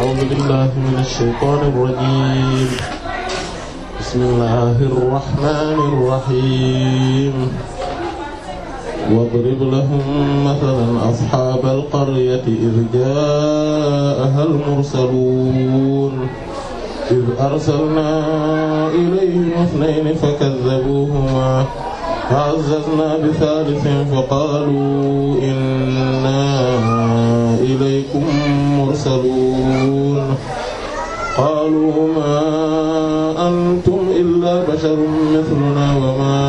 أعوذ بالله من الشيطان الرجيم بسم الله الرحمن الرحيم واضرب لهم مثلا أصحاب القرية إذ جاءها المرسلون إذ أرسلنا إليهم اثنين فكذبوهما فعززنا بثالث فقالوا إنا إليكم المرسلون قالوا ما أنتم إلا بشر مثلنا وما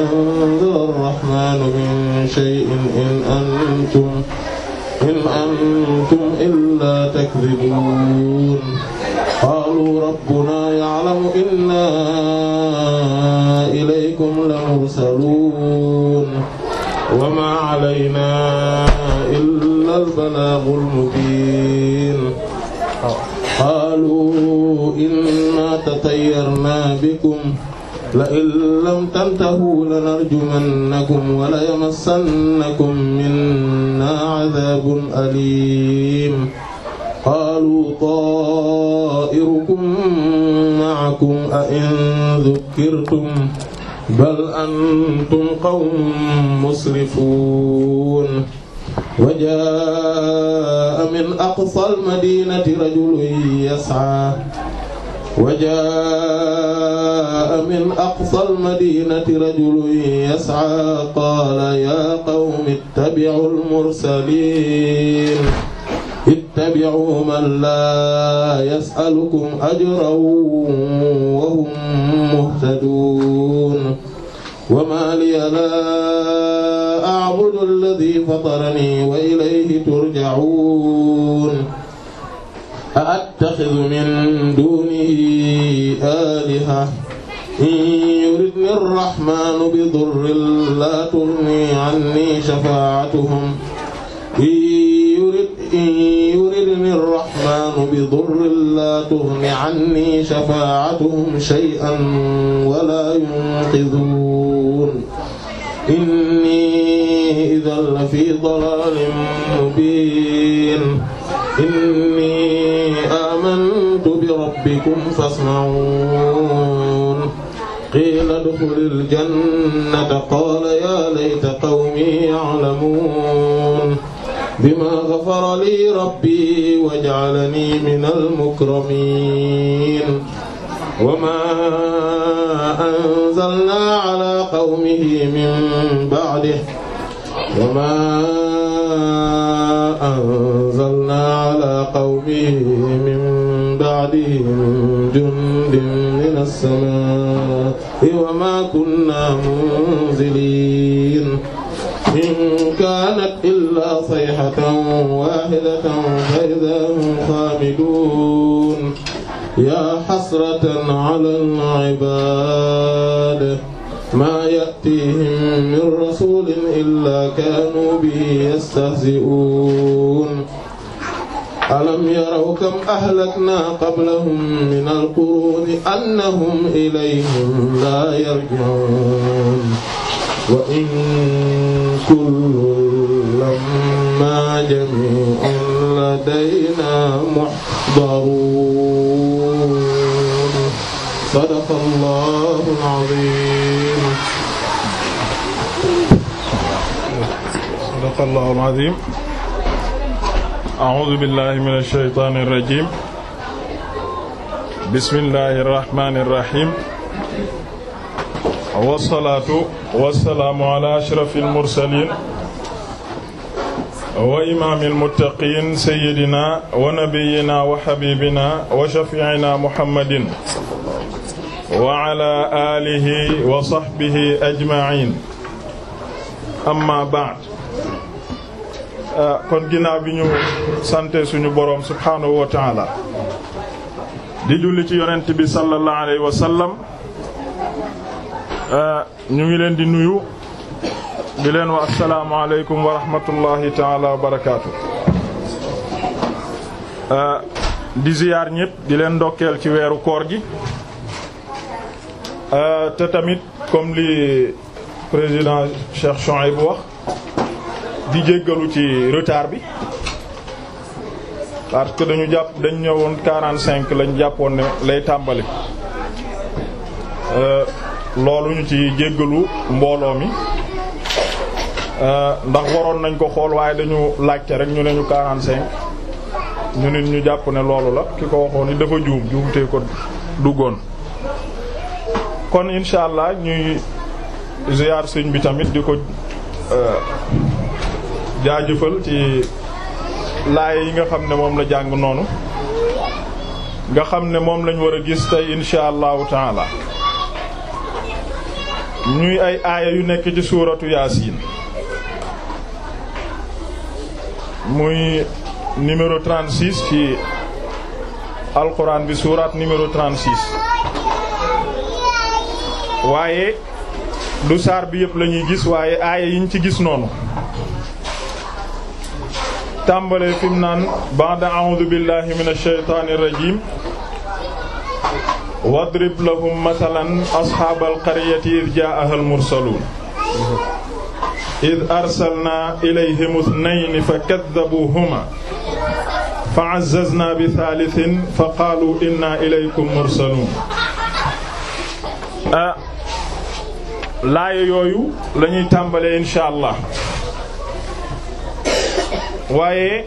أنزل الرحمن من شيء إن أنتم إن أنتم إلا تكذبون قالوا ربنا يعلم إنا إليكم لمرسلون وما علينا إلا البلاغ المبين qaalu inna tatayyarna bikum la in lam tantahu lanarjumannakum wa la yamassannakum minna adhabun alim qaalu ta'irukum ma'akum a in dhukkirtum bal antum qawmun musrifun wa jaa min aqsal madinati rajulun yas'aa wa jaa min aqsal madinati rajulun yas'aa qaala yaa qawmi ittabi'ul mursaliin ittabi'u man laa yas'alukum ajran wa hum muhtaduun wa maa liya laa أعبد الذي فطرني وإليه ترجعون أأتخذ من دونه آلهة إن يردني الرحمن بضر لا تغني عني شفاعتهم إن يرد إن يردني الرحمن بضر لا تغني عني شفاعتهم شيئا ولا ينقذون inni idhan la fi dalalin mubin inni amantu bi rabbikum fasma'un qila udkhulil jannata qala ya layta qawmi ya'lamun bima ghafara li rabbi waj'alani minal mukramin wa ma أنزلنا على قومه من بعده وما أنزلنا على قومه من بعده من جند من السماء وما كنا منزلين إن كانت إلا صيحة واحدة فإذا هم خامدون يا حسرة على العباد ما يأتيهم من رسول إلا كانوا به يستهزئون ألم يروا كم أهلكنا قبلهم من القرون أنهم إليهم لا يرجعون وإن كل لما جميع لدينا محضرون sadaqa allahu al-azim sadaqa allahu al-azim a'uuzu billahi mina shaytaani rajiim bismillahi rahmaani rahiim wassalaatu wassalaamu ala ashrafil mursaliin wa imaamil muttaqiin sayyidinaa wa nabiyyinaa wa habiibinaa wa shafii'inaa muhammadin wa ala alihi wa sahbihi ajma'in amma ba'd ah, kon ginnaaw bi ñu sante suñu boroom subhaanahu wa ta'ala di julli ci yonent bi sallallahu alayhi wa sallam ah, ñu ngi leen di nuyu di leen wa assalaamu alaykum wa rahmatullahi ta'ala wa barakaatu ah, di ziyaar ñépp di leen ndokkeel ci weeru koor gi Euh, te tamit comme li président Cheikh Chouaib wax di jéggalu ci retard bi parce que dañu jàpp dañ ñëwoon quarante cinq lañ jàppoon ne lay tàmbali euh, loolu ñu ci jéggalu mbooloo mi euh, ndax waroon nañ ko xool waaye dañu laajte rek ñu ne ñu cinq ñu nit ñu jàpp ne loolu la ki ko waxoon ni dafa juum juumtee ko duggoon kon incha allah ñuy ziar sëñ bi tamit di ko euh, jaajëfal ci laay yi nga xam ne moom la jàng noonu nga xam ne moom lañu war a gis tey incha allahu taala ñuy ay aaya yu nekk ci suuratu yaasiin muy numéro 36 ci alquran bi suuraat numéro 36 waaye du saar bi yëpp lañuy gis waaye aaya yiñ ci gis noonu tàmbalee fi mu naan ba'da a'uudu billahi minash shaytaanir rajiim wadrib lahum mathalan ashaabal qaryati idh jaa'ahal mursaluun idh arsalnaa ilayhim ithnayni fakadhabuuhumaa fa'azzaznaa bi thaalithin faqaaluu innaa ilaykum mursaluun laaya yooyu lañuy ñuy tàmbalee insha allah waaye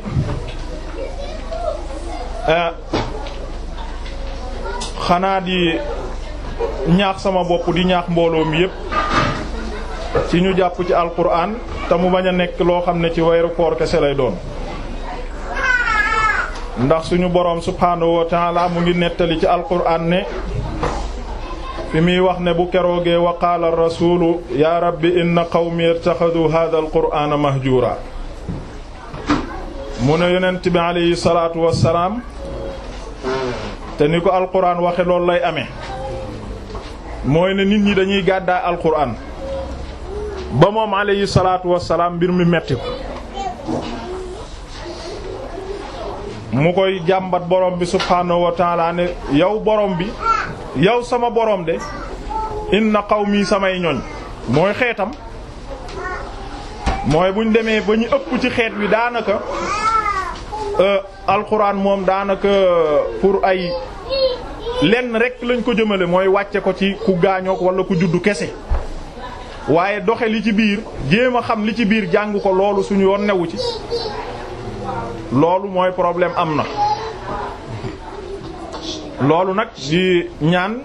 eh, xanaa di ñaax sama bopp di ñaax mbooloo mi yépp ci ñu jàpp ci alquran te mu bañ a nekk loo xam ne ci weeru koor kese lay doon ndax suñu boroom subhaanahu wa mu ngi nettali ci alquran ne fi muy wax ne bu keroogee wa qaala rasuulu yaa rabbi inna qawmi ittaxadu hada alqur'aana mahjuura mu ne yonent bi aleyhi salaatu wassalaam te ni ko alqur'aan waxe lool lay ame mooy ne nit ñi dañuy gàddaay alqur'aan ba moom aleyhi salaatu wassalaam mbir mi metti ko mu koy jàmbat borom bi subhaanahu wa taala ne yow borom bi yow sama borom de na xaw qawmi samay ñoñ mooy xeetam mooy buñ demee ba ñu ëpp ci xeet wi daanaka euh, alxuraan moom daanaka euh, pour ay lenn rek lañ ko jëmale mooy wàcce ko ci ku gaañook wala ku juddu kese waaye doxe li ci biir jéem a xam li ci biir jàng ko loolu suñu yoon newu ci loolu mooy problème am na loolu nag di ñaan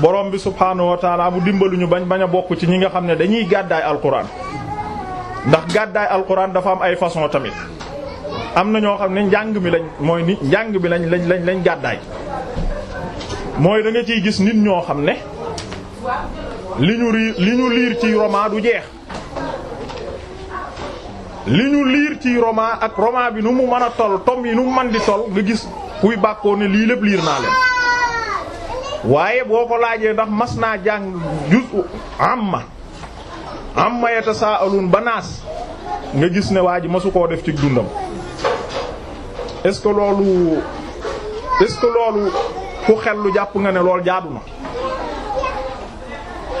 borom bi subhaanahu wa taala bu dimbaluñu bañ bañ a bokk ci ñi nga xam ne dañuy gàddaay alquran ndax gàddaay alquran dafa am ay façon tamit am na ñoo xam ne njàng mi lañ mooy ni njàng bi lañ lañ lañ lañ gàddaay mooy danga nga ciy gis nit ñoo xam ne li ñu ri li ñu liir ci roman du jeex li ñu liir ci roman ak roman bi nu mu mën a tol tom yi nu mu mën di toll nga gis kuy bàkkoo ne lii lépp liir naa leen waaye boo ko laajee ndax mas naa jàng juz amma amma yatasaalun banaas nga gis ne waa ji masu koo def ci dundam est-ce que loolu ku xel lu jàpp nga ne lool jaadu na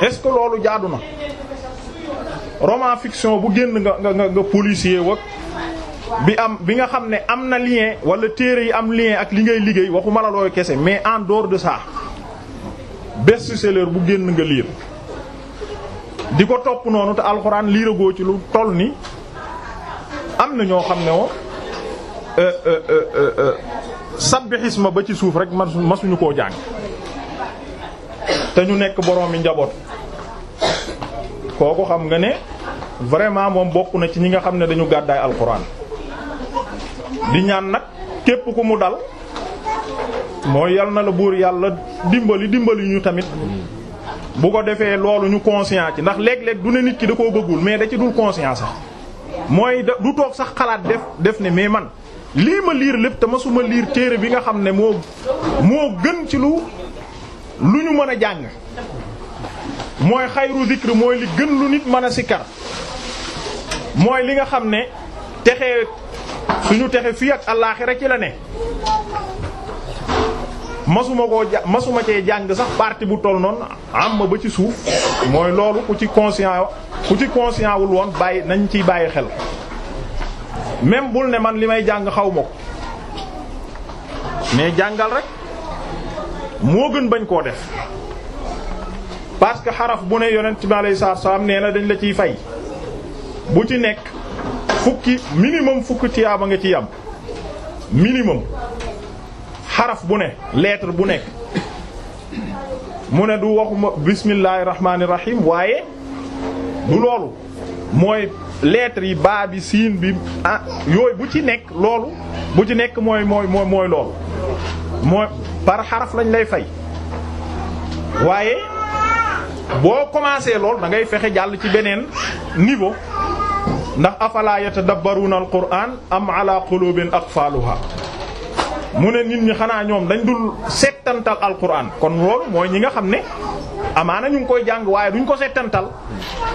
est-ce que loolu jaadu na roman bu génn nga nga bi am bi nga xam ne am na lien wala téere yi am lien ak li ngay liggéey waxuma la looy kese mais en dehors de ça best-seller bu génn nga liir di ko topp noonu te alxuraan liiragoo ci lu toll ni am na ñoo xam ne woo euh, euh, euh, sabbixisma ba ci suuf rek masuñu koo jàng te ñu nekk boroomi yi njaboot kooku xam nga ne vraiment moom bokk na ci ñi nga xam ne dañu gàddaay alxuraan di ñaan nag képp ku mu dal mooy yal na la buur yàlla dimbali dimbali ñu tamit bu ko defee loolu ñu conscient ci ndax léeg-léeg du ne nit ki da koo bëggul mais da ci dul conscient sax mooy du toog sax xalaat def def ne mais man lii ma liir lépp te ma liir téere bi nga xam ne moo moo gën ci lu lu ñu mën a jàng mooy xayru zikr mooy li gën lu nit mën a sikkar mooy li nga xam ne texe suñu texe fii ak allaaxira ci la ne masuma ko masuma cee jàng sax partie bu toll noonu am ma ba ci suuf mooy loolu ku ci conscient ku ci wul woon bàyyi nañ ci bàyyi xel même bul ne man li may jàng xaw ma ko mais jàngal rek moo gën bañ koo def parce que xaraf bu ne yonent bi alayhi salaam nee na dañ la ciy fay bu ci nekk fukki minimum fukki tiyaaba nga ci yam minimum xaraf bu ne lettre bu nekk mu ne du waxuma bismillahir rahmanir rahim waaye du loolu mooy lettre yi baa bi siin bi ah yooyu bu ci nekk loolu bu ci nekk mooy mooy mooy mooy mooy par xaraf lañ lay fay waaye boo commencé lool da ngay fexe jàll ci beneen niveau ndax afala yatadabbaruna alquran am ala ak aqfaluha mu ne nit ñi xanaa ñoom dañ dul settantal alquran kon loolu mooy ñi nga xam ne amaa ñu ngi koy jàng waaye duñ ko settantal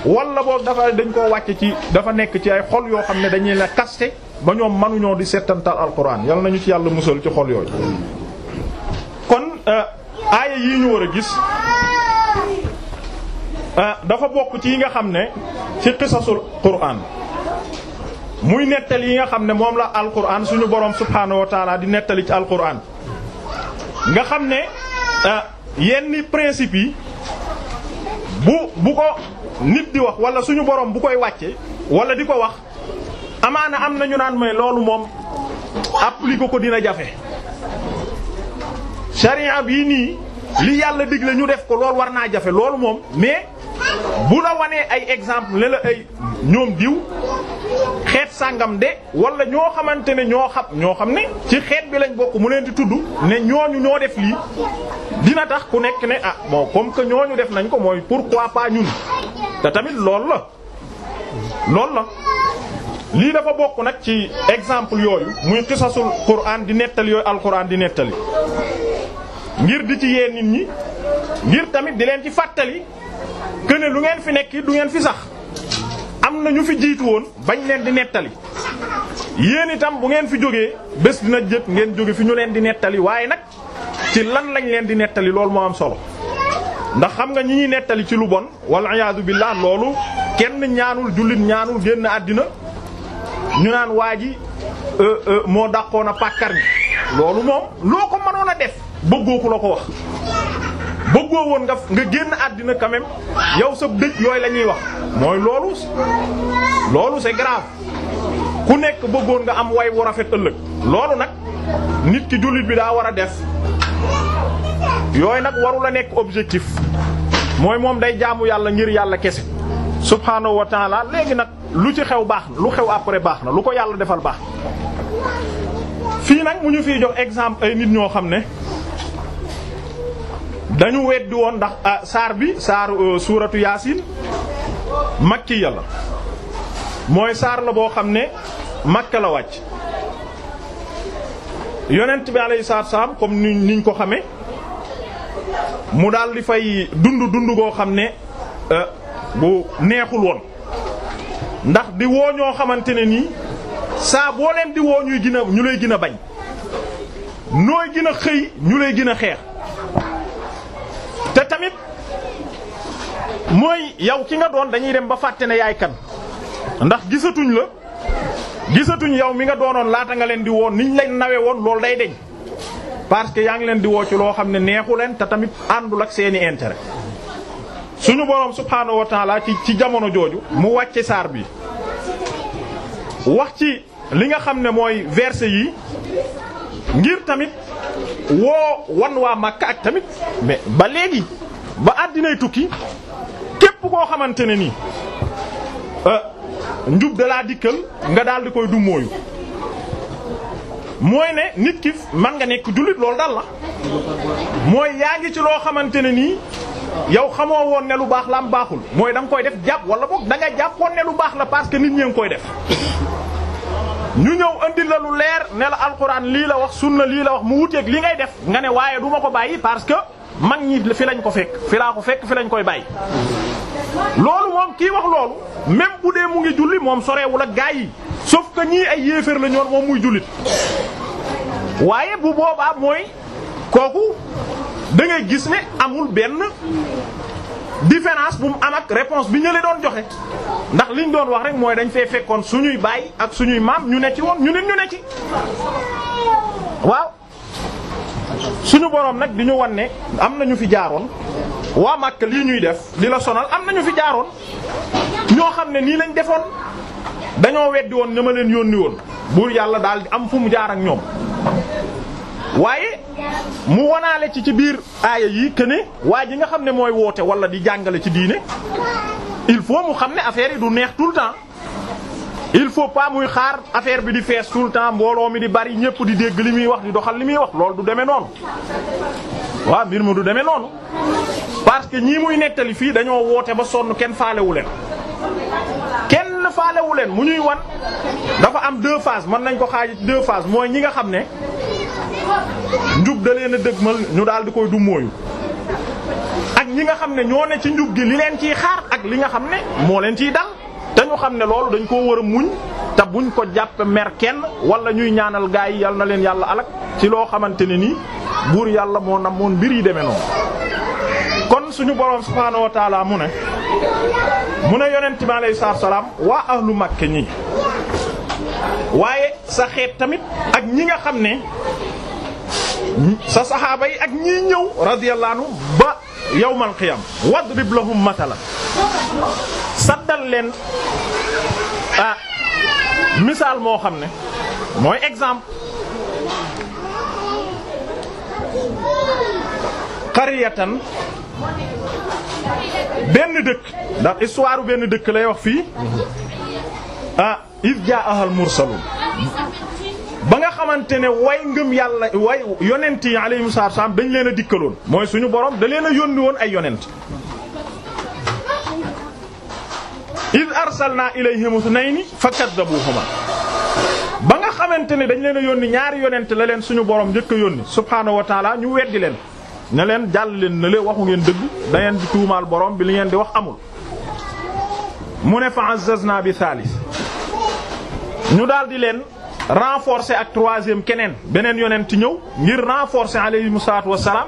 walla boog dafa dañ ko wàcc ci dafa nekk ci ay xol yoo xam ne dañuy la kaste ba ñoom mënuñoo di settantal alquran yal nañu ci yàlla musal ci xol yooyu kon euh, aaya yii ñu war a gis euh, dafa bokk ci yi nga xam ne ci qisasul quran muy nettali yi nga xam ne moom la alquran suñu borom subhaanahu wa taala di nettali ci alquran nga xam ne euh, yenn principe yi bu bu ko nit di wax wala suñu borom bu koy wàcce wala di ko wax amaana am na ñu naan may loolu moom appliquer ko dina jafe. sharia bii nii li yàlla digle ñu def ko loolu war naa jafe loolu moom mais. bu la wanee ay exemple ne la ay ñoom diw xeet sàngam de walla ñoo xamante ne ñoo xam ñoo xam ne ci xeet bi lañ bokk mu leen di tudd ne ñooñu ñoo def lii dina tax ku nekk ne a ah moo comme que ñooñu def nañ ko mooy pourquoi pas ñun te tamit lool la lool na lii dafa bokk nag ci exemple yooyu muy xisasul Qur'an di nettali yooyu Alqur'an di nettali ngir di ci yee nit ñi ngir tamit di leen ci fàttali que ne lu ngeen fi nekk du ngeen fi sax am na ñu fi jiitu woon bañ leen di nettali yéen itam bu ngeen fi jógee bés dina jët ngeen jóge fi ñu leen di nettali waaye nag ci lan lañ leen di nettali lool moo am solo ndax xam nga ñi ñuy nettali ci lu bon walla iyaadu billaah loolu kenn ñaanul jullit ñaanul génn àddina ñu naan waa ji euh, euh, moo dàqoon a pàkkar ñi loolu moom loo ko mënoon a def bëggoo ku la ko wax bëggoo woon nga nga génn àddina quand yow sa dëj yooyu lañuy wax mooy loolu loolu c'est ku nekk bëggoon nga am way wu rafet ëllëg loolu nag nit ki jullit bi daa war a def yooyu nag warul a nekk objectif mooy moom day jaamu yàlla ngir yàlla kese subhaanahu wa taala léegi nag lu ci xew baax na lu xew après baax na lu ko yàlla defal baax fii nag mu ñu fiy jox exemple ay nit ñoo xam ne dañu weddi woon ndax ah, saar bi saar euh, suuratu yaasin makkiya la mooy saar la boo xam ne makka la wàcc yonent bi alayhi salaatu comme ni niñ ko xame mu daal di fay dund dund goo xam ne euh, bu neexul woon ndax di woo ñoo xamante ne nii saa boo leen di woo ñuy ñu lay gën a bañ nooy gën xëy ñu lay gën a xeex tamit mooy yow ki nga doon dañuy dem ba fàtte ne yaay kan ndax gisatuñ la gisatuñ yow mi nga doonoon laata nga leen di woon niñ lañ nawe woon loolu day deñ parce que yaa ngi leen di woo ci loo xam ne neexu leen te tamit àndul ak seeni intérêt suñu boroom subhaanahu wa taala ci ci jamono jooju mu wàcce saar bi wax ci li nga xam ne mooy verse yi ngir tamit woo wan waa Makka ak tamit mais ba léegi ba àddinay tukki képp koo xamante ne nii euh, njub dalaa dikkal nga daal di koy dummóoyu mooy ne nit ki man nga nekk jullit loolu dal la mooy yaa ngi ci loo xamante ne nii yow xamoo woon ne lu baax la am baaxul mooy da nga koy def jàpp wala boog da nga jàppoon ne lu baax la parce que nit ñee koy def ñu ñëw andi la lu leer ne la alxuraan lii la wax sunna lii la wax mu wuteeg li ngay def nga ne waaye du ko bàyyi parce que mag ñi fi lañ ko fekk fi laa ko fekk fi lañ koy bàyyi. loolu moom kii wax loolu même bu dee mu ngi julli moom sorewul ak gaa yi sauf que ñii ay yéeféer la ñoon moom muy jullit waaye bu boobaa mooy kooku da ngay gis ne amul benn différence bu mu am ak réponse bi ñële doon joxe ndax liñ doon wax rek mooy dañ fee fekkoon su ñuy baay ak suñuy maam ñu ne ci woon ñu nit ñu ne ci waaw suñu boroom nag di ñu wan ne am na ñu fi jaaroon waa Makka lii ñuy def di la sonal am na ñu fi jaaroon ñoo xam ne nii lañ defoon dañoo weddi woon ña ma leen yónni woon buur yàlla daal di am fu mu jaar ak ñoom waaye mu wanaale ci ci biir aaya yi que ne waa ji nga xam ne mooy woote wala di jàngale ci diine il faut mu xam ne affaire yi du neex tout le temps il faut pas muy xaar affaire bi di fees tout temps mbooloo mi di bari ñépp di dégg li muy wax di doxal li muy wax loolu du demee noonu waa mbir mu du demee noonu parce que ñii muy nettali fii dañoo woote ba sonn kenn faalewu leen kenn faalewu leen mu ñuy wan dafa am deux phases mën nañ ko xaaji ci deux mooy ñi nga xam ne njub da leen a dëgmal ñu daal di koy du ak ñi nga xam ne ñoo ne ci njub gi li leen ciy xaar ak li nga xam ne moo leen ciy dal te ñu xam ne loolu dañ koo war a muñ te buñ ko jàpp mer kenn wala ñuy ñaanal gaa yi yal na leen yàlla alak ci loo xamante ne nii buur yàlla moo nam moon mbir yi demee noonu kon suñu boroom subhaanahu mu ne mu ne yonent bi alayhi salaam waa ahlu Makka ñi waaye sa xeet tamit ak ñi nga xam ne sa saxaaba yi ak ñii ñëw radiyallahu anhu ba yawmal qiyam wadrib lahum matala saddal leen ah misaal moo xam ne mooy exemple qaryatan benn dëkk ndax histoire benn dëkk lay wax fii ah iz jaa'ahal mursalun ba nga xamante ne way ngëm yàlla way yonent yi alayhimu salaam dañ leen a dikkaloon mooy suñu borom da leen a yónni woon ay yonent id arsalna ilayhim isnayni fakaddabuhuma ba nga xamante ne dañ leen a yónni ñaari yonent la leen suñu boroom njëkk a yónni subhaanahu wa taala ñu weddi leen na leen jàll leen ne leen waxu ngeen dëgg da di tuumaal borom bi li ngeen di wax amul mu ne fa azzazna bi thalith ñu daldi leen renforcer ak troisième keneen beneen yonent ñëw ngir renforcer alayhi salaatu wassalaam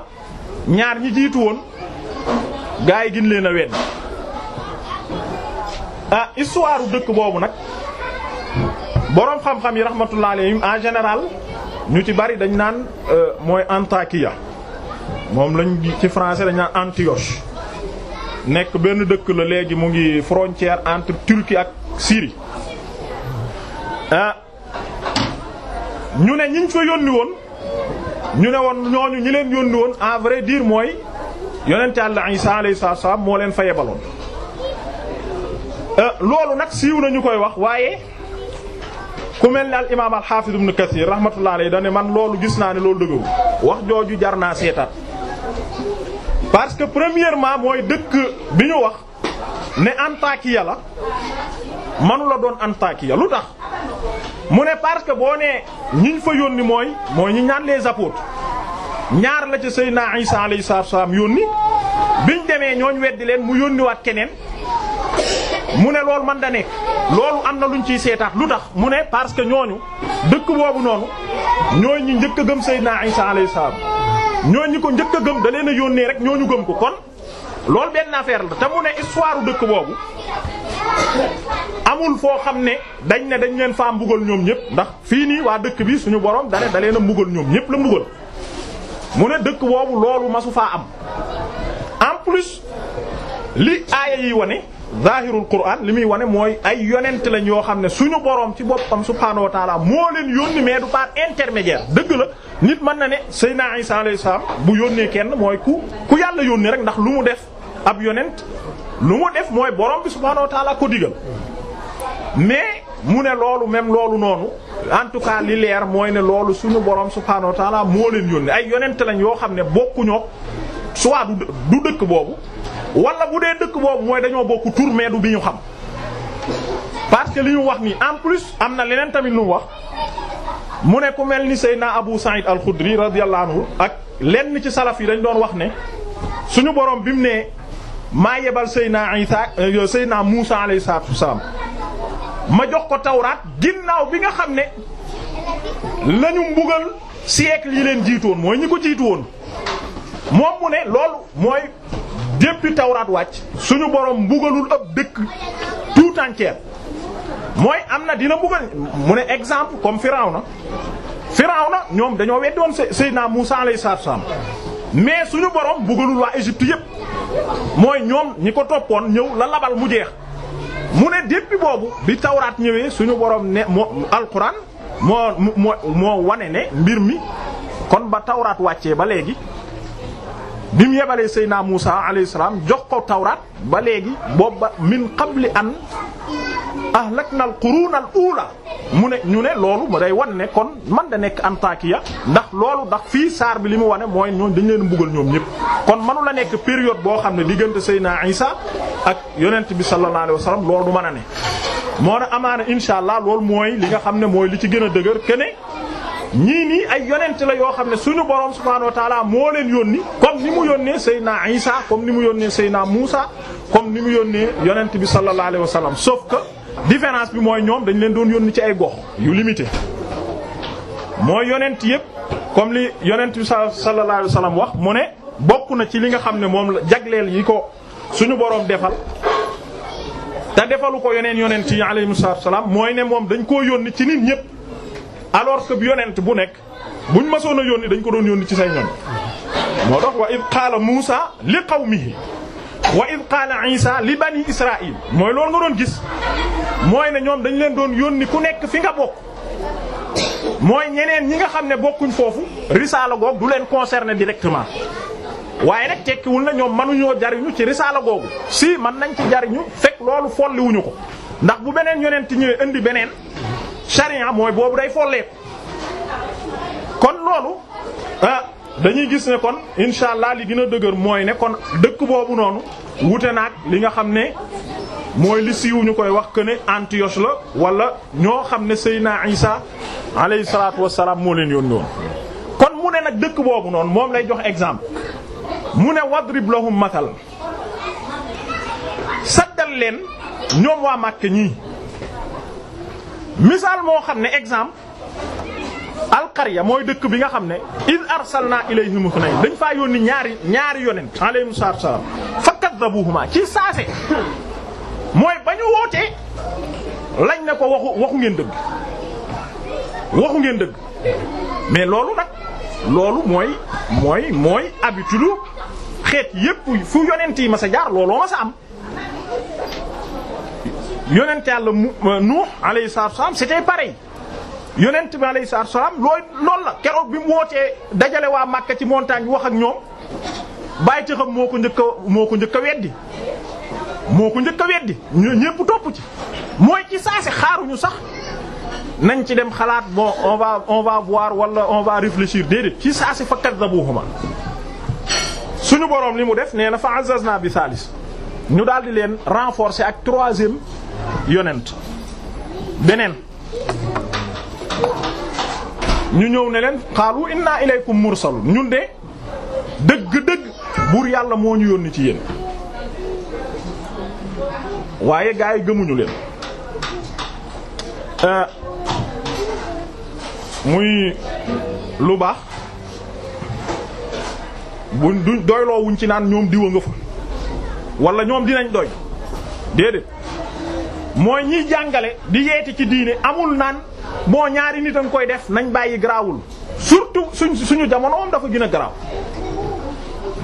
ñaar ñi jiitu woon gaa yi gin wen a wedd ah, dëkk boobu nag boroom xam-xam yi rahmatullah alayhim en général ñu ci bari dañ naan euh, mooy Antakiya moom lañ ci français dañ naan Antioche nekk benn dëkk la léegi mu ngi frontière entre Turquie ak Syrie ah, ñu ne ñiñ ko yónni woon ñu ne woon ñooñu ñi leen yónni woon en vrai dire mooy yonent Yàlla Isa alayhi salaam moo leen fa yebaloon euh, loolu nag siiw na ñu koy wax waaye ku mel ne al imaam al xaafiz ibn Kathir rahmatullah alayhi da ne man loolu gis naa ne loolu dëgëru wax jooju jar naa seetaat parce que premièrement mooy dëkk bi ñu wax ne Antakiya la manu la doon Antakiya lu tax mu ne parce que boo nee ñiñ fa yónni mooy moo ñi ñaan les apôtres ñaar la ca Seydina Isa alayhi salaatu wa salaam yónni biñ demee ñooñ weddi leen mu yónniwaat keneen mu ne loolu man da nekk loolu am na luñ ciy seetaat lu tax mu ne parce que ñooñu dëkk boobu noonu ñooñu ñi njëkk a gëm Seydina Isa alayhi salaam ñooñu ñi ko njëkk a gëm da leen yónnee rek ñooñu gëm ko kon. loolu benn affaire la te mu ne histoire dëkk boobu amul foo xam ne dañ ne dañ leen faa mbugal ñoom ñépp ndax fii nii waa dëkk bi suñu borom dane da leen a mbugal ñoom ñépp la mbugal mu ne dëkk boobu loolu masu faa am en plus li aaya yi wane zahirul quran li muy wane mooy ay yonent lañ yoo xam ne suñu borom ci boppam subhaanahu wa taala moo leen yónni mais du par intermédiaire dëgg la nit mën na ne Seydina Isa alayhi salaam bu yónnee kenn mooy ku ku yàlla yónni rek ndax lu mu def ab yonent lu mu def mooy borom bi subhaanahu wa taala ko digal mais mu ne loolu même loolu noonu en tout cas li leer mooy ne loolu suñu borom subhaanahu wa taala moo leen yónnee ay yonent lañ yoo xam ne bokkuñoo soit du dëkk boobu wala bu dee dëkk boobu mooy dañoo bokku tur bi ñu xam parce que li ñu wax nii en plus am na leneen tamit lu wax mu ne ku mel ni Seydina Abu Sa'id al-Khudri radiyallahu anhu ak lenn ci salaf yi dañ doon wax ne suñu borom bi ne maa yebal Seydina naa euh, Seydina Muusa alayhi salaatu wasalaam ma jox ko tawraat ginnaaw bi nga xam ne nañu mbugal siècle yi leen jiitu woon ñi ko jiitu woon moom mu ne loolu mooy depuis tawraat wàcc suñu borom mbugalul ab dëkk tout entier mooy am na dina mbugal mu ne exemple comme Firawna na ñoom dañoo weddoon Seydina Muusa alayhi salaatu wasalaam mais suñu borom bugalul waa Égypte yépp mooy ñoom ñi ko toppoon ñëw la labal mu jeex mu ne depuis boobu bi tawraat ñëwee suñu borom ne moo alquran moo moo wane ne mbir mi kon ba tawraat wàccee ba léegi bi mu yebalee Seydina Muusa alayhi jox ko tawraat ba léegi boobu ba min qabli an ahlakna al na al ula mu ne ñu ne loolu mu day wan ne kon man da nekk Antakiya ndax loolu ndax fii saar bi li mu wane mooy ñoom dañ leen mbugal ñoom ñëpp kon manu la nekk période boo xam ne diggante Seydina Isa ak yonent bi sallallahu alayhi wasallam loolu du mën a ne moo na amaana insha allah loolu mooy li nga xam ne mooy li ci gën a dëgër kene ñii nii ay yonent la yoo xam ne suñu borom subhaanahu wa taala moo leen yónni kon ni mu yónnee Seydina Isa comme ni mu yónnee Seydina Muusa comme ni mu yónnee yonent bi sallallahu alayhi wasallam sauf que différence bi mooy ñoom dañu leen doon yónni ci ay gox yu limité mooy yonent yépp comme li yonent bi sallallahu alayhi wasallam wax mu ne bokk na ci li nga xam ne moom la jagleel yi ko suñu boroom defal te defalu ko yeneen yonent yi alayhi salaam mooy ne moom dañ koo yónni ci nit ñépp alors que bu yonent bu nekk buñ masoon a yónni dañ ko doon yónni ci say ñoñ moo tax wa id qaala Muusaa li qawmihi wa id qaala isa li bani israil mooy loolu nga doon gis mooy ne ñoom dañu leen doon yónni ku nekk fi nga bokk mooy ñeneen ñi nga xam ne bokkuñ foofu risaala googu du leen concerner directement waaye nag tekkiwul na ñoom mënuñoo jariñu ci risaala googu si mën nañ ci jariñu fekk loolu folliwuñu ko ndax bu beneen ti ñëwee indi beneen charia mooy boobu day folleeku kon loolu ah, dañuy gis ne kon incha allah li gën a dëgër mooy ne kon dëkk boobu noonu wute naag li nga xam ne mooy li siiw ñu koy wax que ne Antioche la wala ñoo xam ne sëy naa Isa alayhi salaatu wassalaam moo leen yónni kon mu ne nag dëkk boobu noonu moom lay jox exemple mu ne wadrib lahum matal saddal leen ñoom waa Màkka ñii misaal moo xam ne exemple alqarya mooy dëkk bi nga xam ne iz arsalna ilayhim hunay dañ faa yónni ñaari ñaari yonent alayhim salaatu wasalaam fakadabuhuma ci saase mooy ba ñu wootee lañ ne ko waxu waxu ngeen dëgg waxu ngeen dëgg mais loolu nag loolu mooy mooy mooy habitude xeet yépp fu yonent ma sa jaar looloo ma sa am yonent yàlla euh, Nuux alayhi salaatu wasalaam c'était pareil yonent bi alayhi salaatu salaam looy loolu la keroog bi mu wootee dajale waa Makka ci montagne wax ak ñoom bàyyi ca xam moo ko njëkk a moo ko njëkk a weddi moo ko njëkk weddi ñépp topp ci mooy ci saase xaaruñu sax nañ ci dem xalaat bon on va on va voir wala on va réfléchir déedéet ci saase fa kadzabuhuma suñu boroom li mu def nee na fa azazna bi thalis ñu daal di leen renforcer ak troisième yonent beneen ñu ñëw ne leen xaalu inna ilaykum mursalun ñun de dëgg-dëgg buur yàlla moo ñu yónni ci yéen waaye gaa yi gëmuñu leen euh, muy lu baax buñ duñ doyloo ci naan ñoom diwa nga fa wala ñoom dinañ doy déedéet mooy ñiy jàngale di yeeti ci diine amul naan moo ñaari nit a koy def nañ bàyyi garaawul surtout suñ suñu jamono moom dafa gën a garaaw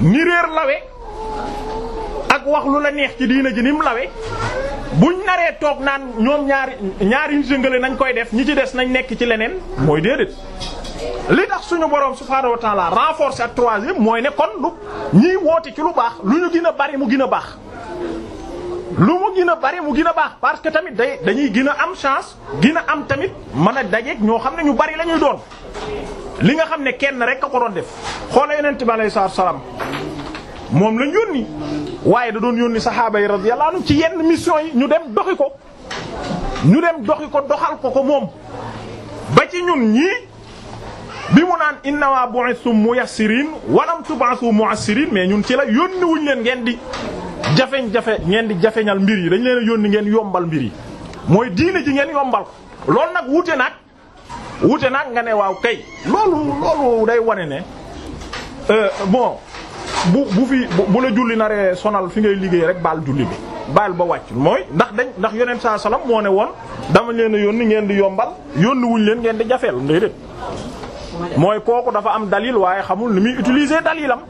ni réer lawe ak wax lu la neex ci diine ji ni mu lawe buñ naree toog naan ñoom ñaari ñaari ñu jëngale nañ koy def ñi ci des nañ nekk ci leneen mooy déedéet li tax suñu borom subhaanahu wa ta'ala renforcer ak troisième mooy ne kon lu ñiy woote ci lu baax lu ñu gën a bari mu gin a baax lu mu gën a bari mu gën a baax parce que tamit day dañuy gën a am chance gën am tamit mën a dajeek ñoo xam ne ñu bari lañuy doon li nga xam ne kenn rek a ko doon def xoola yonent bi alayhi salaam moom lañ yónni waaye da doon yónni saxaaba yi radiyallahu anhum ci yenn mission yi ñu dem doxi ko ñu dem doxi ko doxal ko ko moom ba ci ñun ñii bi mu naan innama bu'ithum muyassirin walam tub'athu mu'assirin mais ñun ci la yónni wuñ leen ngeen di jafeñ-jafe ngeen di jafeñal mbir yi dañ leen a yónni ngeen yombal mbir yi mooy diine ji ngeen yombal ko loolu nag wuute nag wuute nag nga ne waaw kay loolu loolu day wane ne euh, bon bu bu fi bu la julli naree sonal fi ngay liggéey rek baal julli bi baal ba wàcc mooy ndax dañ ndax yonent saa salaam moo ne woon dama leen a yónni ngeen di yombal yónni wuñ leen ngeen di jafeel déedéet mooy kooku dafa am dalil waaye xamul ni muy utiliser dalilam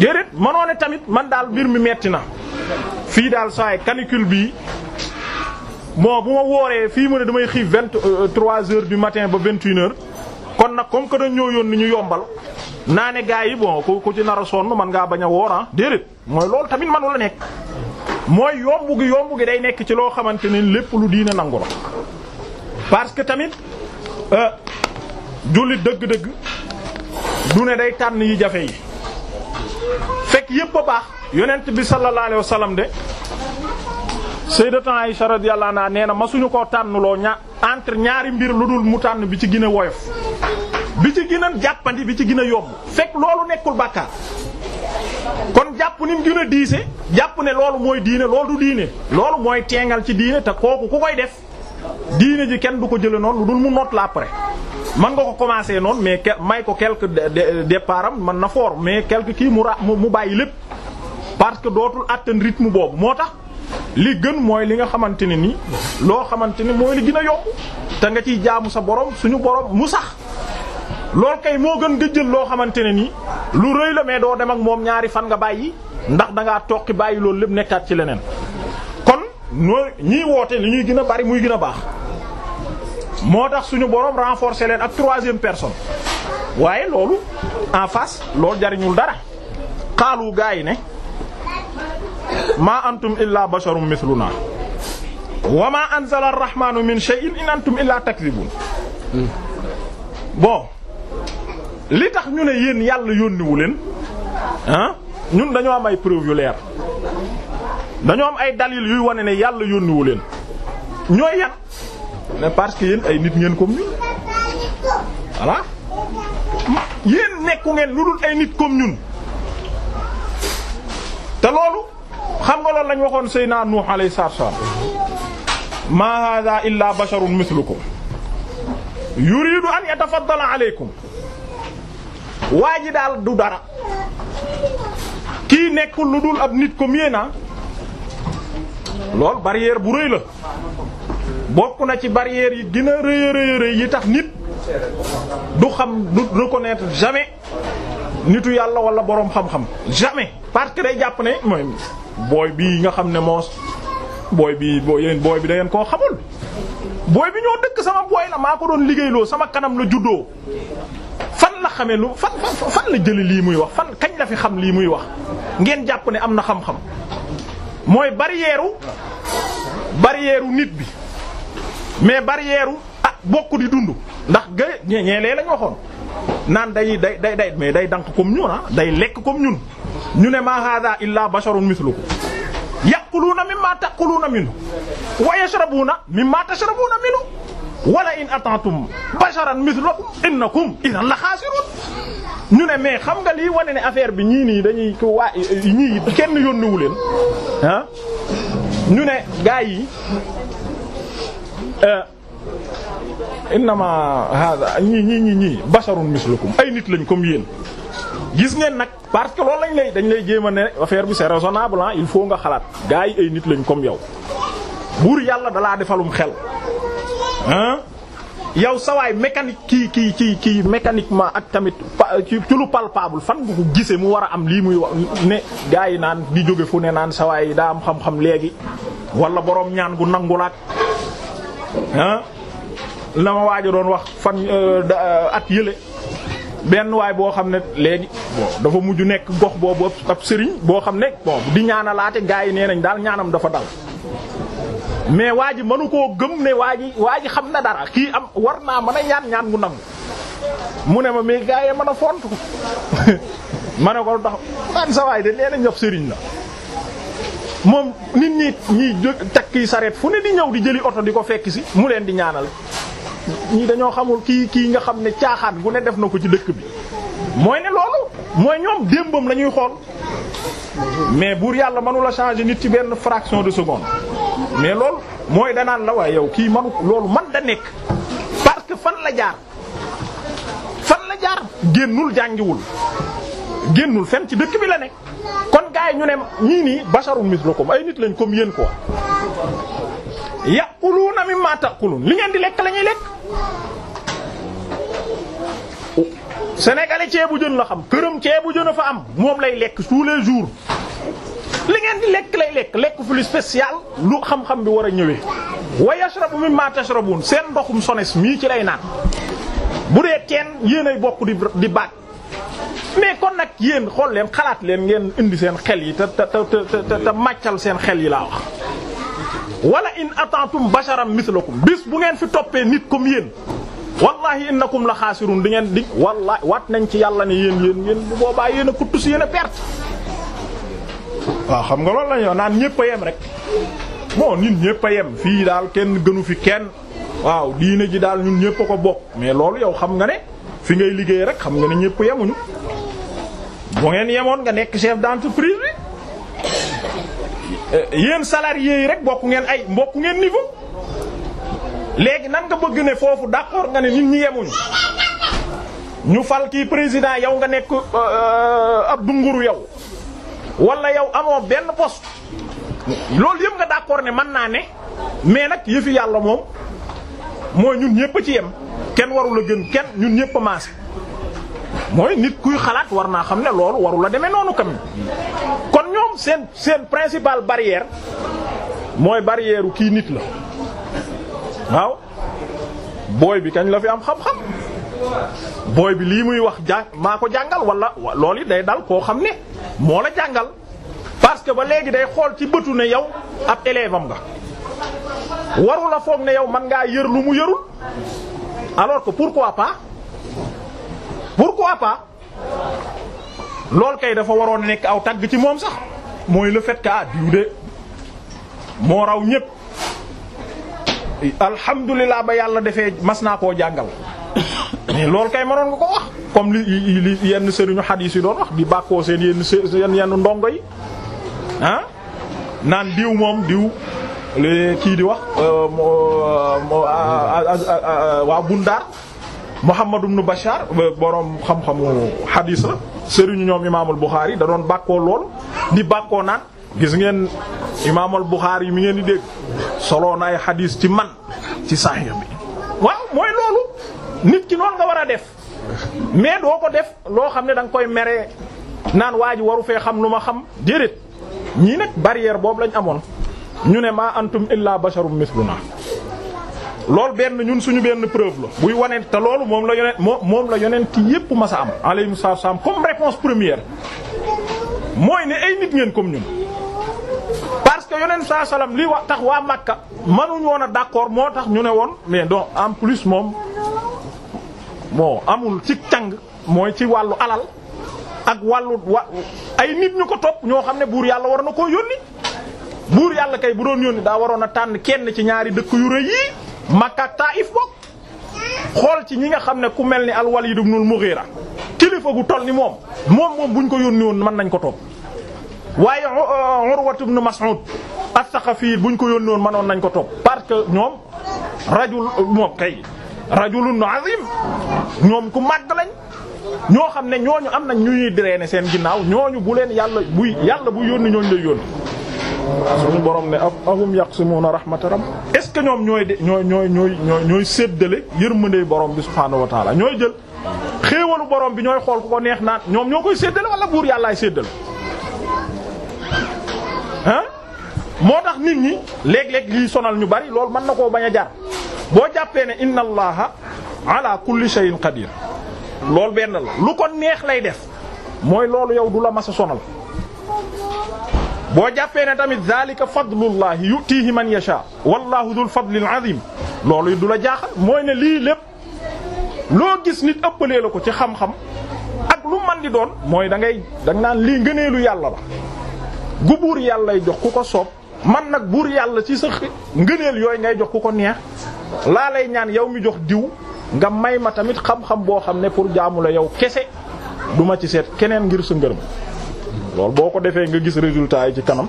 déedéet mënoo tamit man daal mbir mi metti na fii daal saa canicule bii moo bu ma wooree fii mu ne damay xiif vingt euh, trois heures du matin ba vingt une kon nag comme que dañ ñoo yoon ni ñu yombal naa ne gars yi bon ku ci nar a sonn man ngaa bañ a woor ah déedéet mooy loolu tamit manu la nekk mooy yomb gi yomb gi day nekk ci loo xamante ne lépp lu diine nangu la parce que tamit euh, jullit dëgg-dëgg du ne day tànn yi jafe yi fekk yépp a baax yonent bi sallallahu alayhi wa sallam de sayyidatu Aisha radiyallahu anha nee na masuñu ko tànnloo ña entre ñaari mbir lu dul mu tànn bi ci gën a woyof bi ci gina a jàppandi bi ci gën a yomb fekk loolu nekkul bàkkaar kon jàpp ni mu gën diise jàpp ne loolu mooy diine loolu du diine loolu mooy teengal ci diine te kooku ku koy def diine ji kenn du ko jële noonu lu dul mu noot la après man nga ko commencé noonu mais may ko quelque départ am man na fort mais quelque kii mu ra mu bàyyi lépp parce que dootul attan rythme boobu moo tax li gën mooy li nga xamante ne ni loo xamante ni mooy li gën a yomb te nga ciy jaamu sa borom suñu borom mu sax lool kay moo gën nga jël loo xamante ne ni lu rëy la mais doo dem ak moom ñaari fan nga bàyyi ndax da toqi bàyyi loolu lépp nekkaat ci leneen nooy ñiy woote li ñuy gën a bari muy gën a baax moo tax suñu boroom renforcer leen ak troisième personne waaye loolu en face loolu jariñul dara xaalu gaa yi ne maa antum illaa basharun mithluna wa ma anzala ar-rahmanu min shay'in in antum illaa takdhibun bon li tax ñu ne yéen yàlla yónniwu leen ah ñun dañoo am ay preuve dañoo am ay dalil yuy wane ne yàlla yónniwu leen ñooy yan ne parce que yéen ay nit ngeen ko ñun voilà nekku ngeen lu dul ay nit comme ñun te loolu xam nga loolu lañ waxoon Seydina Nuh alayhi salaam ma hadha illa basharun mithlukum yuridu an yatafaddala alaykum waa ji daal du dara kii nekkul lu dul ab nit comme yéen ah. lool barrière bu rëy la bokk na ci barrière yi gën a rëy rëy rëy yi tax nit du xam du reconnaître jamais nitu yàlla wala boroom xam-xam jamais parce que jàpp ne mooy booy bi nga xam ne moos booy bi boo yéen booy bi dangeen koo xamul booy bi ñoo dëkk sama booy la maa ko doon liggéeyloo sama kanam la juddoo fan la xamee lu fan fan la jëlee lii muy wax fan kañ la fi xam lii muy wax ngeen jàpp ne am na xam-xam mooy barrière barrière nit bi mais barrière ah bokk di dund ndax ga ñee lee lañ waxoon naan day day day day day dank comme ñun ah day lekk comme ñun ñu ne ma hada illa basharun mithlukum yaquluna mimma taquluna minhu wa yashrabuna mimma tashrabuna minhu wala in atantum basharan mithlukum innakum idan la khasirun ñu ne mais xam nga lii wane ne affaire bi ñii nii dañuy ko waa ñii kenn yónniwu leen ah ñu ne gaa yi euh, innama hada ñii ñii ñii ñii basharun mislukum ay nit lañ comme yéen gis ngeen nag parce que loolu lañ lay dañ lay jéem ne affaire bi c'est raisonnable ah il faut nga xalaat gaa yi ay nit lañ comme yow buur yàlla dalaa defalum xel ah. yow sawaay mécanique kii kii kii kii mécaniquement ak tamit ci lu palpable fan nga ko gisee mu war a am lii muy wax ne gaa yi naan di jóge fu ne naan sawaay yi daa am xam-xam léegi walla boroom ñaan gu nangulaat ah la ma waajo doon wax fan euh, euh, at yële benn waay boo xam ne léegi bon dafa mujj nekk gox boobu ab sëriñ boo xam ne bon di ñaanalaate gaa yi nee nañ daal ñaanam dafa dal mais waa ji mënu koo gëm ne waa ji waa ji xam na dara kii am war naa mën a ñaan ñaan mu nangu mu ne ma mais gars yi man a font ko ma ne ko tax man sa waay de nee na ñëpp sëriñ la moom nit ñi ñiy takki sareet fu ne di ñëw di jëli oto di ko fekk si mu leen di ñaanal ñii dañoo xamul kii kii nga xam ne caaxaan gu ne def na ko ci dëkk bi mooy ne loolu mooy ñoom démbam la ñuy xool mais buur yàlla mënula changer nit ci benn fraction de seconde mais lool mooy danaan la waaye yow kii manu loolu man da nekk parce que fan la jaar fan la jaar génnul jàngiwul génnul fenn ci dëkk bi la nekk kon gaay ñu ne ñii nii basharun ko ay nit lañ comme yéen quoi yaquluna mimma taqulun li ngeen di lekk la ñuy lekk sénégalais ceebu jën la xam këram ceebu jën a fa am moom lay lekk tous les jours li ngeen di lekk lay lekk lekk fi lu spécial lu xam-xam bi war a ñëwee wa yashrabu mimma tashrabun seen ndoxum sones mii ci lay naan bu dee teen yéenay bokk di di baat mais kon nag yéen xool leen xalaat leen ngeen indi seen xel yi te te te te màccal seen xel yi laa wax wala in atantum basharan mislakum bis bu ngeen fi toppee nit comme yéen wallahi innakum la xaasirun di ngeen di wallahi waat nañ ci yàlla ne yéen yéen yéen bu boobaa yéen a kuttus yéen waaw xam nga loolu lañ yoon naan ñépp a yem rek bon nit ñépp a yem fii daal kenn gënu fi kenn waaw diine ji daal ñun ñépp a ko bokk mais loolu yow xam nga ne fi ngay liggéey rek xam nga ne ñépp yemuñu bu ngeen yemoon nga nekk chef d'entreprise bi eh, yéen salariés yi rek bokk ngeen ay bokk ngeen niveau léegi nan nga bëgg ne foofu d'accord nga ne nit ñi yemuñu ñu fal kii président yow nga nekk euh, euh, ab dunguru yow walla yow amoo benn poste loolu yëpp nga d'accord ne mën naa ne mais nag yëfi yàlla moom mooy ñun ñëpp a ci yem kenn warul a gën kenn ñun ñëpp a maase mooy nit kuy xalaat war naa xam ne loolu warul a demee noonu kam kon ñoom seen seen principale barrière mooy barrière kii nit la waaw booy bi kañ la fi am xam-xam. booy bi lii muy wax jàng maa ko jàngal wala loolu it day dal koo xam ne moo la jàngal parce que ba léegi day xool ci bëtu ne yow ab élève am nga waru la foog ne yow man ngaa yër lu mu yërul alors ko pour pas pourquoi pas lool kay dafa waroon nekk aw tagg ci moom sax mooy le fait que ah diw de moo raw ñépp alhamdulilah ba yàlla defee mas naa koo jàngal mais loolu kay mënoon nga ko wax comme li li yenn sëriñu xadiis yi doon wax di bàkkoo seen yenn seen yenn ndongo yi ah naan diw moom diw le kii di wax euh, waa Bundaar Muhammad ibn Bashar euh, borom xam-xamu xadiis la sëriñu ñoom Imaamul Buxaari da doon bàkkoo lool di bàkkoo naan gis ngeen Imaamul Buxaari mi ngeen di dégg solo na ay xadiis ci man ci Sahih bi waaw mooy loolu. nit ki noonu nga war a def mais doo ko def loo xam ne danga koy mere naan waa ji waru fee xam lu ma xam déedéet ñii nag barrière boobu lañ amoon ñu ne maa antum illaa basharum misluna loolu benn ñun suñu benn preuve la buy wane te loolu moom la yonent moom la yonent yépp mas a am alayhi salaam comme réponse première mooy ne ay nit ngeen comme ñun parce que yonent saa salaam li wa tax waa Makka mënuñu woon a d'accord moo tax ñu ne woon mais donc en plus moom bon amul ci càng mooy ci wàllu alal ak wàllu wa ay nit ñu ko topp ñoo xam ne buur yàlla war na koo yónni buur yàlla kay bu doon yónni daa waroon a tànn kenn ci ñaari dëkk yu rëy yi Makka ak Taif bokk xool ci ñi nga xam ne ku mel ni al-Walid ibn al-Mughira kilifa gu toll ni moom moom moom buñ ko yónni woon mën nañ ko topp waaye Urwa ibn Mas'ud as-Saqafi buñ ko yónni woon mënoon nañ ko toog parce que ñoom rajul moom kay rajulun azim ñoom ku màgg lañ ñoo xam ne ñooñu am nañ ñuy drainer seen ginnaaw ñooñu bu leen yàlla buy yàlla bu yónni ñooñu lay yónni suñu borom ne ahum yaqsimuna rahmata rabb est ce que ñoom ñooy de ñooy ñooy ñooy ñooy ñooy séddale yërmande borom bi subhaanahu wa taala ñooy jël xéewalu borom bi ñooy xool ku ko neex naat ñoom ñoo koy séddale wala buur yàllaay séddale ah moo tax nit ñi léeg-léeg lii sonal ñu bari lool mën na koo bañ a jar boo jàppee ne inna allaha ala kulli shay'in qadir loolu benn la lu ko neex lay def mooy loolu yow du la mas sonal boo jàppee ne tamit zalika fadlullahi yutihi man yasha wallahu dhul fadlil azim loolu du la jaaxal mooy ne lii lépp loo gis nit ëppalee la ko ci xam-xam ak lu man di doon mooy dangay ngay da naan lii ngëneelu yàlla la gu buur yàllay jox ku ko soob man nag buur yàlla ci sa ngëneel yooyu ngay jox ku ko neex laa lay ñaan yow mi jox diw nga may ma tamit xam-xam boo xam ne pour jaamu la yow kese du ma ci seet keneen ngir sa ngërëm loolu boo ko defee nga gis résultat yi ci kanam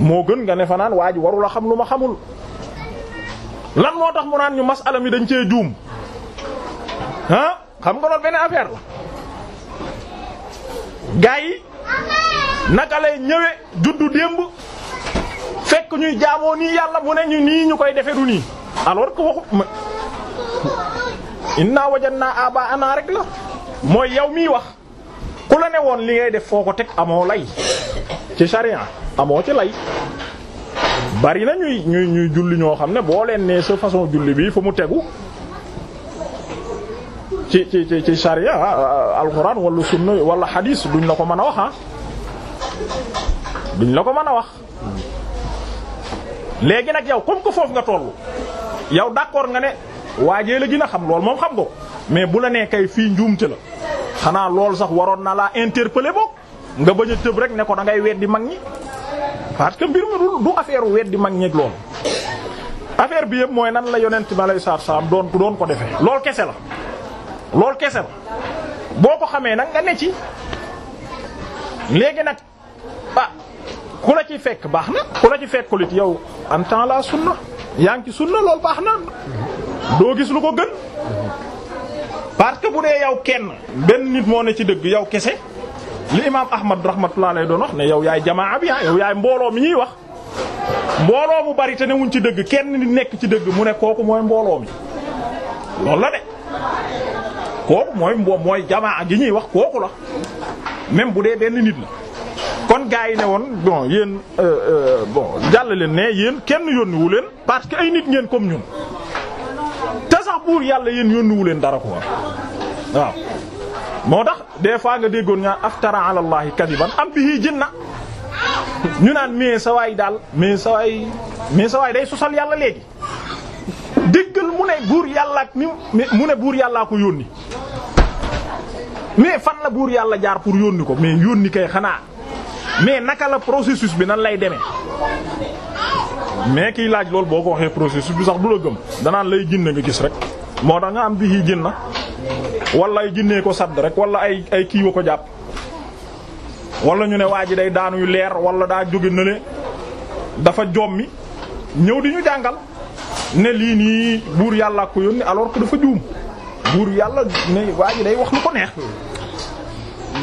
moo gën nga ne fa waa ji warul xam lu ma xamul lan moo tax mu naan ñu masala mi dañ cee juum ah xam nga loolu benn affaire la gaa yi naka lay ñëwe juddu démb fekk ñuy jaamoo nii yàlla mu ne ñu nii ñu koy defe du nii alors que waxu ma inna wajadna aba ana rek la mooy yow mii wax ku la ne woon li ngay def foo ko teg amoo lay ci sharia amoo ci lay bari na ñuy ñuy ñuy julli ñoo xam ne boo leen nee sa façon julli bii fu mu tegu ci ci ci ci sharia alxuraan wala sunna wala xadiis duñ la ko mën a wax ah duñ la ko mën a wax léegi nag yow comme ko foofu nga toll yow d'accord nga ne waajee la gën a xam lool moom xam nga mais bu la nee kay fii njuumte la xanaa lool sax waroon naa laa interpeller boog nga bañ tëb rek ne ko da ngay weddi mag ñi parce que mbir mi du affaire weddi mag ñeeg lool. affaire bi yëpp mooy nan la yonent bi alayhi salaatu salaam doon doon ko defe lool kese la lool kese la boo ko xamee nag nga ne ci léegi nag ah. ku la ci fekk baax na ku la ci fekkul it yow en temps la sunna yaa ngi ci sunna loolu baax na doo gis lu ko gën parce que bu dee yow kenn benn nit moo ne ci dëgg yow kese li imaam Ahmad laa lay doon wax ne yow yaay jamaa bi ah, yow yaay mbooloo mi ñuy wax mbooloo mu bari te ne wuñ ci dëgg kenn nit nekk ci dëgg mu ne kooku mooy mbooloo mi loolu la de kooku mooy mooy jamaa yi ñuy wax kooku la même bu dee benn nit la. kon gars yi ne woon bon yéen euh, euh, bon jàll leen ne yéen kenn yónniwu leen parce que ay nit ngeen comme ñun te sax buur yàlla yéen yónniwu leen dara ko waaw moo tax des fois nga déggoon ñaan aftara ala allahi kadiban am bihi jinna ñu naan mais sa daal mais sa waay mais sa waay day sosal yàlla léegi déggal mu ne buur yàlla ak ni mu ne buur yàllaa ko yónni mais fan la buur yàlla jaar pour yónni ko mais yónni kay xanaa mais naka la processus bi nan lay demee mais kiy laaj loolu boo ko waxee processus bi sax du la gëm danaan lay jinne nga gis rek moo tax nga am bi yi jinna wala ay jinnee ko sadd rek wala ay ay kiiwa ko jàpp wala ñu ne waa ji day daanuy leer wala daa jóge nële dafa jommi ñëw di ñu jàngal ne lii nii buur yàlla ko yónni alors ko dafa juum buur yàlla ne waa ji day wax lu ko neex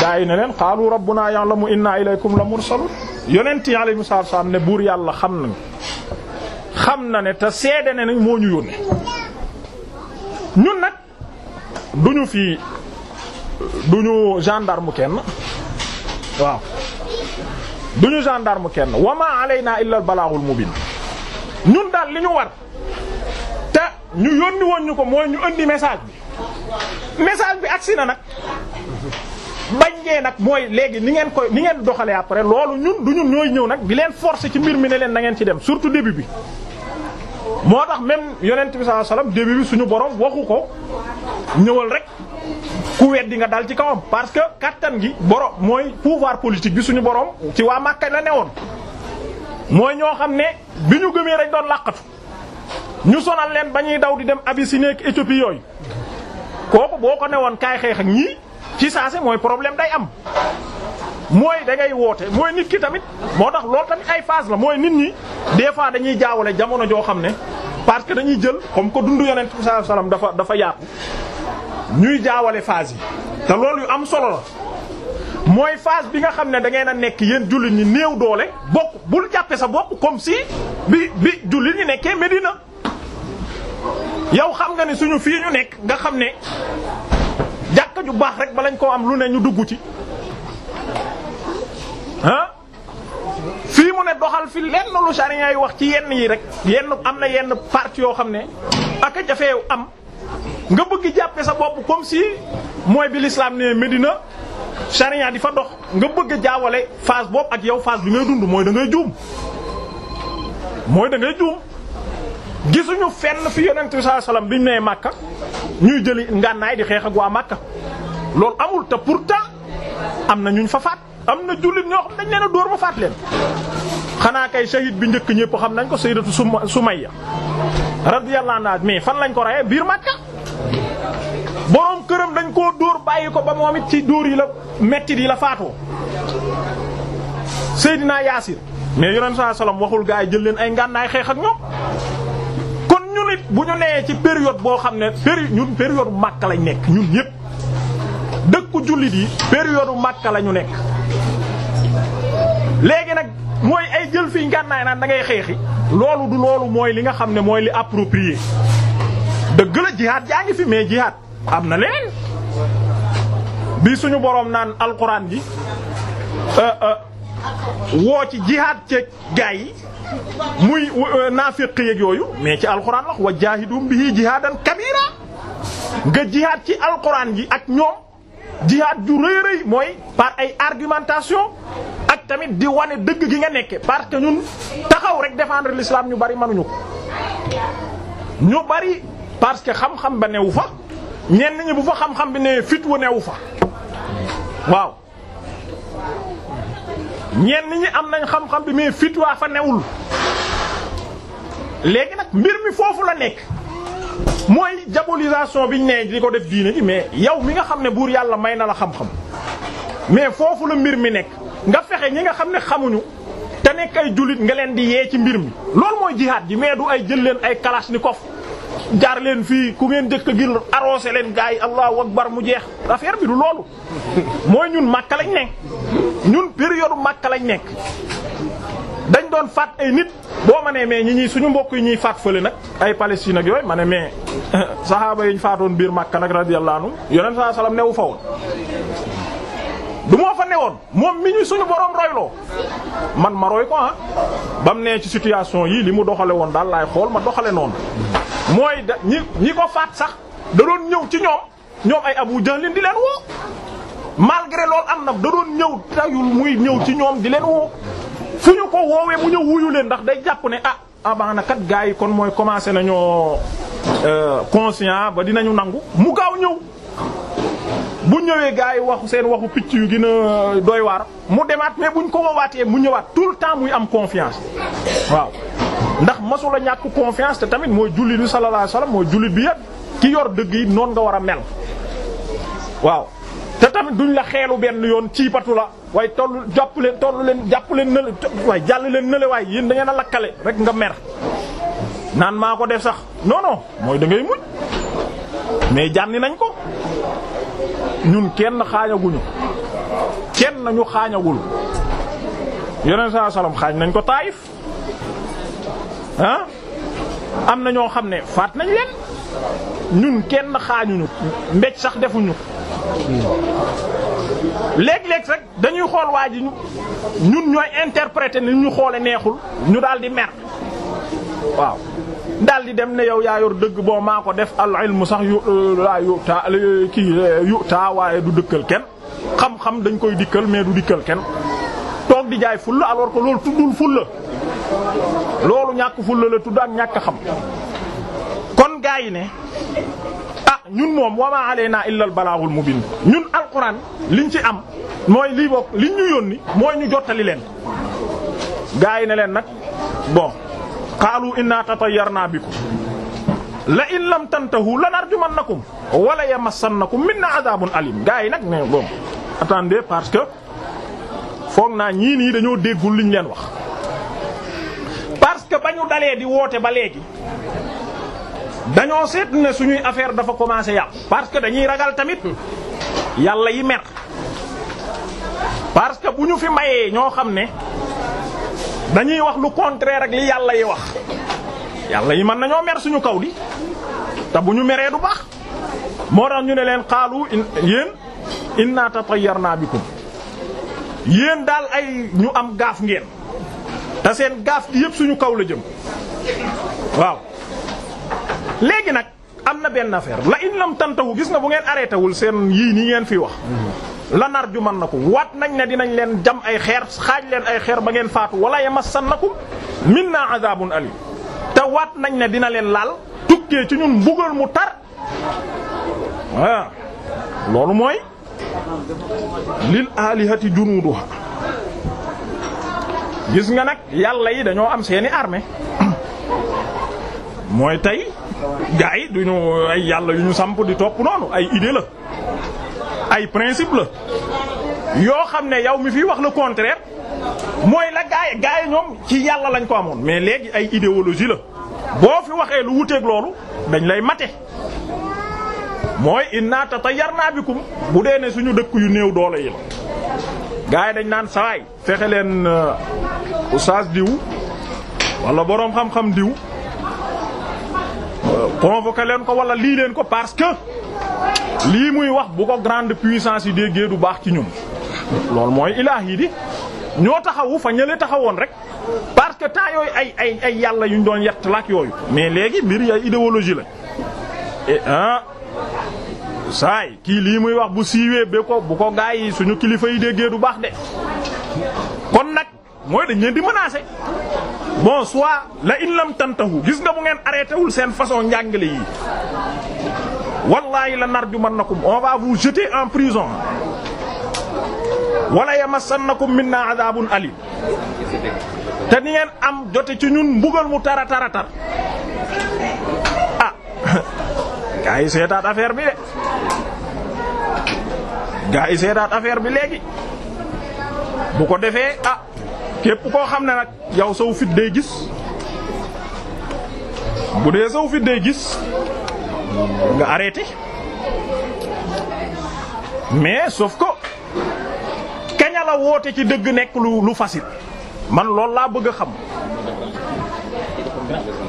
gaa yi ne leen qaalu rabbuna ya'lamu inna ilaykum la mursalun yonent yi salaam ne buur yàlla xam nañu na ne te seede ne nañ moo ñu yónnee ñun nag duñu fi duñu gendarme kenn waaw duñu gendarme kenn wa ma alayna illa al balaghul mubin ñun daal li ñu war te ñu yónni woon ñu ko mooy ñu indi message bi message bi agsi na nag bañ ngee nag mooy léegi ni ngeen koy ni ngeen doxalee après loolu ñun du ñun ñooy ñëw nag bi leen forcer ci mbir mi ne leen na ngeen ci dem surtout début bi. moo tax même yonent bi sallallahu alayhi suñu borom waxu ko ñëwal rek ku weddi nga dal ci kawam parce que kattan gi borom mooy pouvoir politique bi suñu borom ci waa Makka la woon mooy ñoo xam ne bi ñu gëmee rek doon làqatu ñu sonal leen ba ñuy daw di dem Abyssinie ak Éthiopie yooyu kooku boo ko newoon kaay xeex ci saase mooy problème day am mooy da ngay woote mooy nit ki tamit moo tax loolu tamit ay phase la mooy nit ñi des fois dañuy jaawale jamono joo xam ne parce que dañuy jël comme que dundu yonent bi sallallahu dafa dafa yaatu ñuy jaawale phase yi te loolu yu am solo la mooy phase bi nga xam ne da ngeen a nekk yéen jullit ñi néew doole bokk bul jàppe sa bopp comme si bi bi jullit ñi nekkee Medina yow xam nga ne suñu fii ñu nekk nga xam ne jàkka ju baax rek balañ koo am lu ne ñu dugg ci ah fii mu ne doxal fi lenn lu charia yi wax ci yenn yi rek yenn am na yenn partie yoo xam ne ak a jafee am nga bëgg jàppe sa bopp comme si mooy bi l'islam ne Medina charia di fa dox nga bëgg a jaawale phase boobu ak yow faas bi ngay dund mooy da ngay juum mooy dangay ngay juum. gisuñu fenn fi yonent bi sallallahu bi ñu nee Makka ñuy jëli ngànnaay di xeex ak waa Makka loolu amul te pourtant am na ñuñ fa faat am na jullit ñoo xam dañ leen a dóor ba faat leen. xanaa kay shahid bi njëkk ñëpp xam nañ ko su Sumayya radiyallahu anha mais fan lañ ko reyee biir Makka boroom këram dañ koo dóor bàyyi ko ba moom it ci dóor yi la mettit yi la faatoo Seydina Yaasir mais yonent bi sallallahu alayhi wasallam waxul gaa jël leen ay ngànnaay xeex ak ñoom. ñu nit bu ñu nee ci période boo xam ne péri ñun période Makka lañ nekk ñun ñépp dëkku jullit yi période Makka la ñu nekk léegi nag mooy ay jël fii ngànnaay naan da ngay xeexi loolu du loolu mooy li nga xam ne mooy li approprié dëgg la jihaad jaa ngi fi mais jihaad am na leen bi suñu boroom naan alxuraan ji euh, euh, woo ci jihaad ceeg gaa yi muy euh, naafiq yeeg yooyu mais ci alxuraan wax wa jaahidum bihi jihaadan kabira nga jihaad ci alxuraan ji ak ñoom jihaad ju rëy rëy mooy par ay argumentation ak tamit di wane dëgg gi nga nekke parce que ñun taxaw rek défendre l'islam ñu bari mënuñu ko ñu bari parce que xam-xam ba newu fa ñenn ñi bu fa xam-xam bi ne fit wu newu fa waaw ñenn ñi am nañ xam-xam bi mais fitwaa fa newul léegi nag mbir mi foofu la nekk mooy diabolisation biñ ne di ko def diine ji mais yow mi nga xam ne buur yàlla may na la xam-xam mais foofu la mbir mi nekk nga fexe ñi nga xam ne xamuñu te nekk ay jullit nga leen di yee ci mbir mi loolu mooy jihaad ji mais du ay jël leen ay kalachnikov jaar leen fii ku ngeen jëkk a gil arrosé leen gars yi allahu bar mu jeex affaire bi du loolu mooy ñun Makka lañ ne ñun période Makka lañ nekk dañ doon faat ay nit boo ma nee mais ñi ñi suñu mbokk yi ñuy faat fële nag ay Palestine ak yooyu ma ne mais saxaaba yi ñu faatoon biir màkka nag radiyallahu anhu yonent sallallahu alayhi wasallam fa woon du moo fa woon moom mi ñu suñu borom royloo man ma roy ko ah ba mu nee ci situation yii li mu doxale woon daal lay xool ma doxale noonu mooy da ñi ñi ko faat sax da doon ñëw ci ñoom ñoom ay Abu Jahl di leen woo malgré loolu am na da doon ñëw tayul muy ñëw ci ñoom di leen woo fu ñu ko woowee mu ñëw wuyu leen ndax day jàpp ne ah amaana kat gars yi kon mooy commencé nañoo euh, conscient ba dinañu nangu mu gaaw ñëw bu ñëwee gars yi wax seen waxu picc yu gën a euh, doy waar mu demaat mais buñ ko woowaatee mu ñëwaat tout le temps muy am confiance waaw ndax masula ñàkk confiance te tamit mooy jullit bi sallallahu alayhi wasallam mooy jullit bi yépp ki yor dëgg yi noonu nga war a mel waaw te tamit duñ la xeelu benn yoon ciipatu la waaye toll jàpp leen toll leen jàpp leen nële waaye jàll leen nële waaye yéen da ngeen a lakkale rek nga mer naan maa ko def sax non mooy da ngay mujj mais jànni nañ ko ñun kenn xaañaguñu kenn nañu xaañagul yeneen saa salaam xaañ nañ ko taayif ah am na ñoo xam ne faat nañ leen ñun kenn xaañuñu mbéj sax defuñu léeg-léeg rek dañuy xool waa ji ñun ñooy interpréter ni ñu xoole neexul ñu daal di mer waaw daal di dem ne yow yaa yor dëgg bon maa ko def al ilmu sax yu euh, laa yutaa kii euh, yutaa waaye du dëkkal kenn xam-xam dañ koy dikkal mais du dikkal kenn toog di jaay fulla alors que loolu tuddul fulla loolu ñàkk fulla la tudd ak ñàkk xam kon gaa yi ne a ah, ñun moom wa maa alaynaa illal balaagul mubiin ñun alquran liñ ci am mooy lii liñ ñu yónni mooy ñu jottali leen gaa yi ne leen nag bon qaalu naa tatayyarna bikum la in lam tantahu lanarjumannakum wala yamassannakum minna a alim gars yi nag ne bon attendez parce que foog naa ñii nii dañoo déggul liñ leen wax parce que ba ñu dalee di woote ba léegi dañoo seet ne suñuy affaire dafa commencé yàqu parce que dañuy ragal tamit yàlla yi mer parce que bu ñu fi mayee ñoo xam ne dañuy wax lu contraire ak li yàlla yi wax yàlla yi man nañoo mer suñu kaw di te bu ñu meree du baax moo tax ñu ne leen xaalu yéen inna tatayyarna bikum yéen daal ay ñu am gaaf ngeen te seen gaaf gi yépp suñu kaw la jëm waaw léegi nag am na benn affaire la in lam tantahu gis nga bu ngeen arrêté wul seen yii nii ngeen fii wax. Mhm. lanar ju man na ko waat nañ ne dinañ leen jam ay xeer xaaj leen ay xeer ba ngeen faatu massan wala yamassannakum minna azabun alim te waat nañ ne dina leen laal tukkee ci ñun mbugal mu tar loolu mooy lil alihati junuduha gis nga nag yàlla yi dañoo am seeni armée mooy tey gars yi duñu ay yàlla yu ñu samp di topp noonu ay idée la ay principe la yoo xam ne yow mi fi wax le contraire mooy la gaay gaay ñoom ci yàlla lañ ko amoon mais léegi ay idéologie la boo fi waxee lu wuteeg loolu dañ lay mate mooy inna tatayyarna bikum bu dee ne suñu dëkk yu néew doole yi la gaay dañ naan sawaay fexe leen euh, oustaz diw wala boroom xam-xam diw convoqué leen ko wala lii leen ko parce que lii muy wax bu ko grande puissance yi déggee du baax ci ñun loolu mooy ilaah yi di ñoo taxawu fa ñële taxawoon rek parce que temps yooyu ay ay ay yàlla yuñ doon yett laak yooyu mais léegi mbir yi ay idéologie la et ah saay kii lii muy wax bu siiwee ba ko bu ko gaa suñu kilifa yi déggee du baax de kon nag mooy dañ leen di menacer bon soit la in lam tantahu gis nga bu ngeen arrêté wul seen façon njàngale yi wallahi la narjumannakum on va vous jeter en prison wala yamassannakum minna adabun alim te ni ngeen am jote ci ñun mbugal mu tara tara tar ah gaa yi seetaat affaire bi de gaa yi seetaat affaire bi léegi bu ko defee ah képp koo xam ne nag yow saw fit day gis bu dee saw fit day gis nga arrêté mais sauf ko kaña la woote ci dëgg nekk lu lu facile man loolu laa bëgg a xam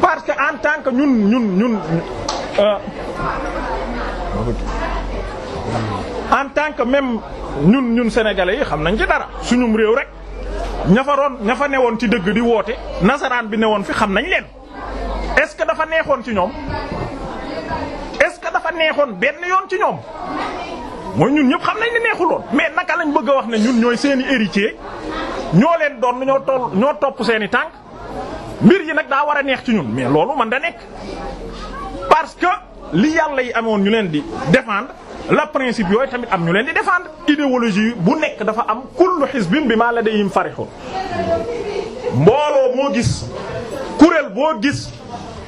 parce que en tant que ñun ñun ñun euh, en tant que même ñun ñun sénégalais yi xam nañ ci dara suñum réew rek ña ñafa doon ña newoon ci dëgg di woote nasaraan bi ne woon fi xam nañ leen est-ce que dafa neexoon ci ñoom est-ce que dafa neexoon benn yoon ci ñoom mooy ñun ñëpp xam nañ ne neexuloon mais naka lañ bëgg a wax ne ñun ñooy seeni héritier ñoo leen doon ñoo toll ñoo topp seeni tànk mbir yi nag daa war a neex ci ñun mais loolu man da nekk parce que li yàlla yi amoon ñu leen di défendre. la principe yooyu tamit am ñu leen di défendre idéologie bu nekk dafa am kullu xisbin bi maa la day yim farixul mbooloo moo gis kuréel boo gis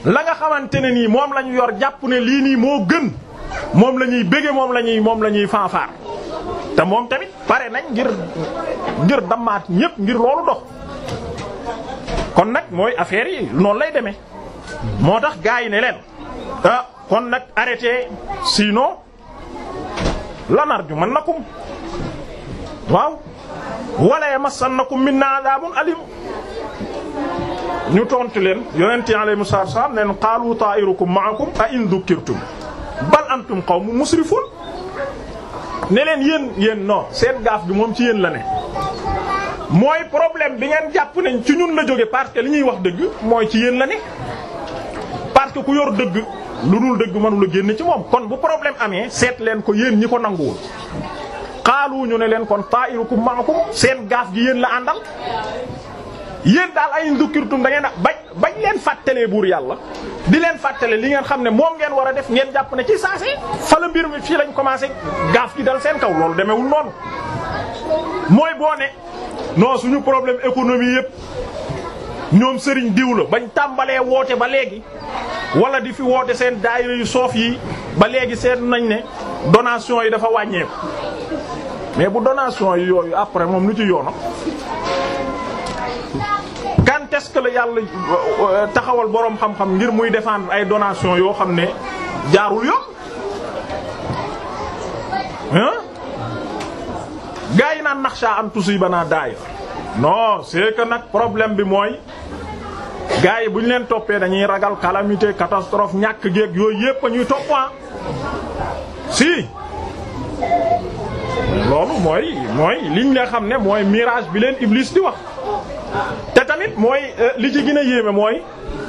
la nga xamante ne nii moom lañu yor jàpp ne lii nii moo gën moom la ñuy bége moom la ñuy moom la ñuy fanfaar te moom tamit pare nañ ngir ngir damaat ñépp ngir loolu dox kon nag mooy affaire yi noonu lay deme moo tax gars yi ne leen ah, kon nag arrêté sino lanarjumannakum waaw wala yamassannakum minna adabun alim ñu tontu leen yonent yi alayhi salaam leen qaalu ta'irukum ma'akum a in dhukirtum bal antum qawmun musrifun ne leen yéen yéen non seen gaaf bi moom ci yéen la ne mooy problème bi ngeen jàpp nañ ci ñun la jóge parce que li ñuy wax dëgg mooy ci yéen la ne parce ku yor dëgg lu dul dëgg mënu génne ci moom kon bu problème amee seet leen ko yéen ñi ko nanguwul xaalu ñu ne leen kon ta'irukum ma'akum seen gaaf gi yéen la àndal yéen daal ay ndukirtum da ngeen a bañ bañ leen fàttalee buur yàlla di leen fàttale li ngeen xam ne moom ngeen war a def ngeen jàpp ne ci saase fa la mbir mi fii lañ commencé gaaf gi dal seen kaw loolu demewul noonu mooy boo ne non suñu problème économie yépp ñoom sëriñ diw bañ tàmbalee woote ba léegi wala di fi woote seen daayira yu soof yi ba léegi seet nañ ne donation yi dafa wàññeeku mais bu donation yi yooyu après moom lu ci yoona quand est-ce la yàlla euh, taxawal boroom xam-xam ngir muy défendre ay donation yoo xam ne jaarul yoon gaa yi naan naxsha an banaa daayira non c'est que nag problème bi mooy gars yi bu ñu leen toppee dañuy ragal calamité catastrophe ñàkk géeg yooyu yépp a ñuy topp ah. si loolu mooy mooy liñ la xam ne mooy mirage bi leen Iblis di wax te tamit mooy euh, li ci gën a yéeme mooy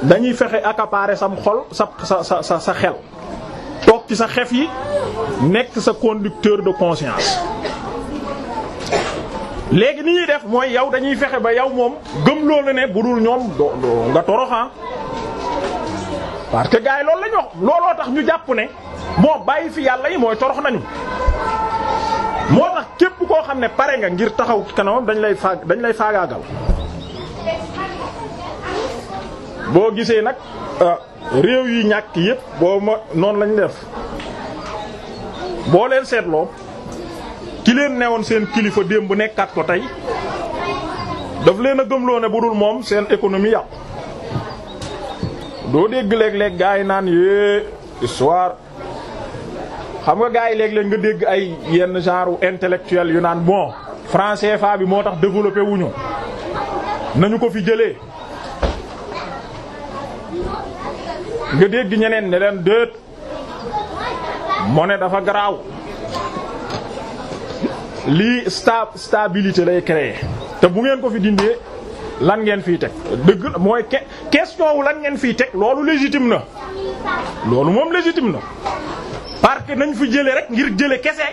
dañuy fexe accaparer sam xol sa sa sa sa xel toog ci sa xef yi nekk sa conducteur de conscience léegi ni ñuy def mooy yow dañuy fexe ba yow moom gëm loolu ne bu dul ñoom doo nga toroxan ah. parce que gars yi loolu la wax looloo tax ñu jàpp ne moo bàyyi fi yàlla yi mooy torox nañu moo tax képp koo xam ne pare nga ngir taxaw ci kanamam dañ lay faag dañ lay faagaagal boo gisee nag euh, réew yi ñàkk yépp boo ma noonu lañu def boo leen seetloo ki leen newoon seen kilifa démb nekkaat ko tey daf leen a gëmloo ne bu dul moom seen économie yàqu doo dégg léeg-léeg gaa yi naan yée histoire xam nga gaa yi léeg-léeg nga dégg ay yenn genre intellectuel yu naan bon franc CFA bi moo tax développé wuñu nañu ko fi jëlee nga dégg ñeneen ne leen déet dafa garaaw lii sta stabilité lay créer te bu ngeen ko fi dindee lan ngeen fiy teg dëgg mooy question wu lan ngeen fiy teg loolu légitime na loolu moom légitime na parce que nañ fi jële rek ngir jële kese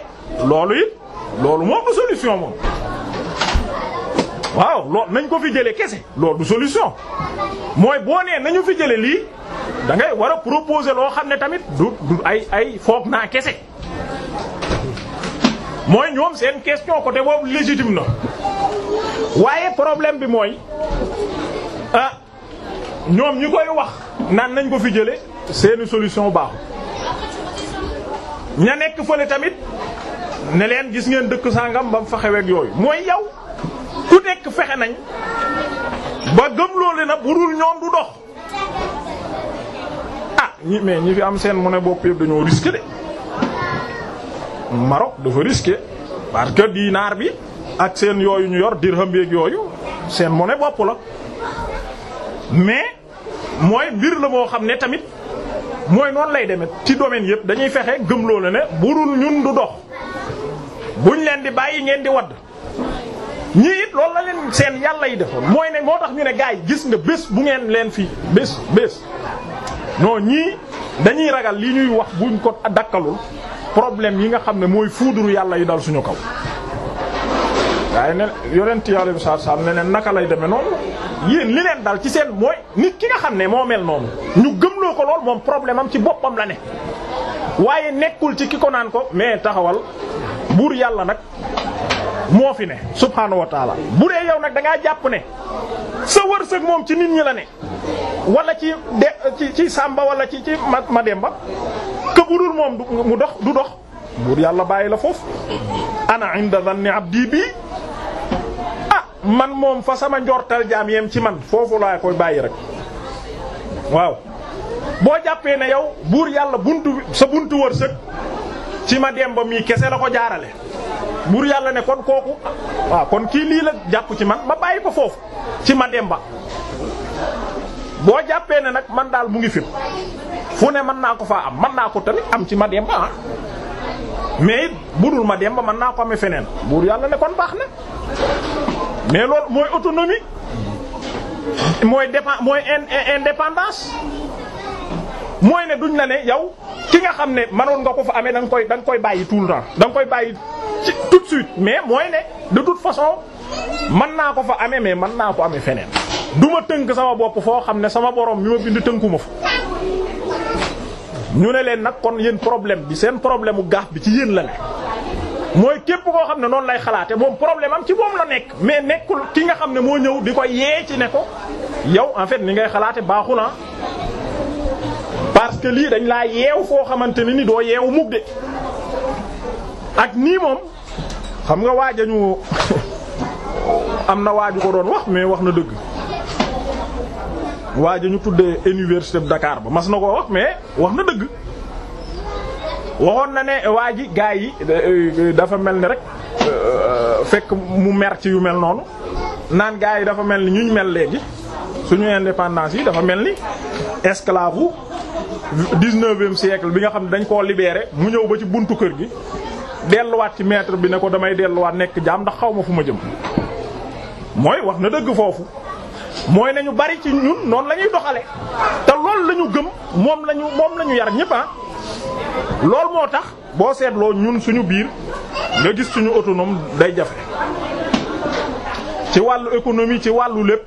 loolu it loolu moom du solution moom waaw loolu nañ ko fi jële kese lool du solution mooy boo nee nañu fi jële lii da ngay war a loo xam ne tamit du du ay ay foog naa kese mooy ñoom seen question côté boobu légitime na waaye problème bi mooy ah ñoom ñi koy wax naan nañ ko fi jële seeni solution baaxul ña nekk fële tamit ne leen gis ngeen dëkk sangam ba mu fa xeweeg yooyu mooy yow ku nekk fexe nañ ba gëm loole na bu dul ñoom du dox ah ñii mais ñi fi am seen mu ne bopp yëpp dañoo risqué de. Maroc dafa risqué parce que naar bi ak seen yooyu ñu yor dirham yeeg yooyu seen mone bopp la mais mooy mbir la moo xam ne tamit mooy noonu lay demet ci domaine yëpp dañuy fexe gëm loo la ne bu dul ñun du dox buñ leen di bàyyi ngeen di wadd ñi it loolu la leen seen yàlla yi defoon mooy ne moo tax ñu ne gars gis nga bés bu ngeen leen fi bés bés non ñii dañuy ragal li ñuy wax buñ ko dakkalul problème yi nga xam ne mooy foudre yàlla yi dal suñu kaw waaye ne yonent yàlla bi saa saam ne neen naka lay demee noonu yéen li leen dal ci seen mooy nit ki nga xam ne moo mel noonu ñu gëmloo ko lool moom problème am ci boppam la ne waaye nekkul ci ki ko naan ko mais taxawal buur yàlla nag moo fi ne subhaanahu wa taala bu dee yow nag da ngaa jàpp ne sa wërsëg moom ci nit ñi la ne walla ci de ci ci Samba wala ci ci ma Demba que bu dul moom mu dox du dox buur yàlla bàyyi la foofu ana inda dhanni abdi bi a ah, man moom fa sama njortal jaam yem ci man foofu laa koy bàyyi rek waaw boo jàppee ne yow buur yàlla buntu sa buntu wërsëg ci ma demba mii kese la ko jaarale buur yàlla ne kon kooku waaw kon kii lii la jàpp ci man ma bàyyi ko foofu ci ma demba boo jàppee ne nag man daal mu ngi fi fu ne mën naa ko faa am man naa ko tamit am ci ma demba ah mais it budul ma demba man naa ko amee feneen buur yàlla ne kon baax na mais loolu mooy autonomie mooy dépend mooy indépendance mooy ne duñ la ne yow ki nga xam ne manoon nga ko fa amee da koy da koy bàyyi tuul le temps koy bàyyi ci tout suite mais mooy ne de toute façon mën naa ko fa amee mee mën naa ko amee feneen du ma tënk sama bopp foo xam ne sama borom mi ma bind tënku ma fa. ñu ne leen nag kon yéen problème bi seen problème mu gaaf bi ci yéen la ne mooy képp koo xam ne noonu lay xalaate moom problème am ci moom la nekk mais nekkul ki nga xam ne moo ñëw di ko yee ci ne ko yow en fait ni ngay xalaate baaxu na parce que lii dañ laa yeew foo xamante ne ni doo yeewu mukk de ak nii moom xam nga waaj ñu am na waaju ko doon wax mais wax na dëgg waaj ñu tuddee université de Dakar ba mas na koo wax mais wax na dëgg waxoon na ne waa ji gaa yi euh, dafa mel ni rek euh, fekk mu mer yu mel noonu naan gaa yi dafa mel ni ñu mel léegi suñu indépendance yi dafa mel ni esclave dix-neuvième siècle bi nga xam ne dañ koo libéré mu ñëw ba ci buntu kër gi delluwaat ci maître bi ne ko damay delluwaat nekk jaam ndax xaw ma fu ma jëm mooy wax na dëgg foofu mooy nañu bari ci ñun noonu la ñuy doxale te loolu la ñu gëm moom lañu moom lañu yar ñëpp ah loolu moo tax boo seetloo ñun suñu biir nga gis suñu autonome day jafe ci wàllu économie ci wàllu lépp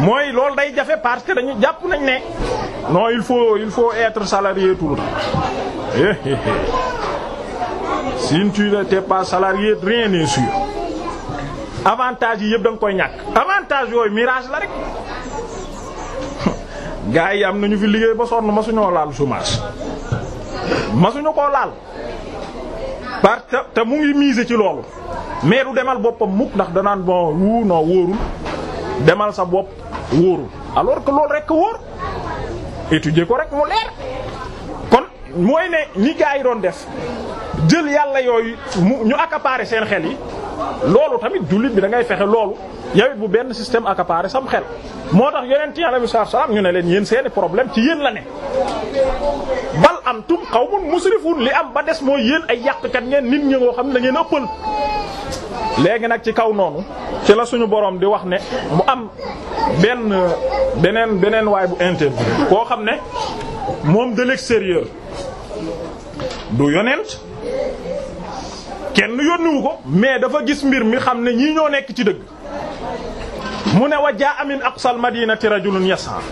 mooy loolu day jafe parce que dañu jàpp nañ ne non il faut il faut être salarié tout le temps eh eh eh si tu n'es pas salarié rien n'est avantage yi yëpp da nga koy ñàkk avantage yooyu mirage la rek gars yi am nañu fi liggéey ba sonn masuñoo laal chômage masuñu koo laal parce que te mu ngi miser ci loolu mais du demal boppam mukk ndax danaan bon wuu noo wóorul demal sa bopp wóorul alors que loolu rekk wóor étudier ko rekk mu leer kon mooy ne ñi gaa yi doon def jël yàlla yooyu mu ñu accaparer seen xel yi loolu tamit jullit bi da ngay fexe loolu yawit bu benn système accaparé sam xel moo tax yonent yi alayhi salaam ñu ne leen yéen seeni problème ci yéen la ne bal antum qawmun musrifun li am ba des mooy yéen ay kat ngeen nit ñi ngoo xam ne da ngeen ëppal léegi nag ci kaw noonu ci la suñu boroom di wax ne mu am benn beneen beneen waay bu interview koo xam ne moom de l'extérieur du yonent kenn yónniwu ko mais dafa gis mbir mi xam ne ñii ñoo nekk ci dëgg mu ne wa jaa'a min aqsal madinati rajulun yas'a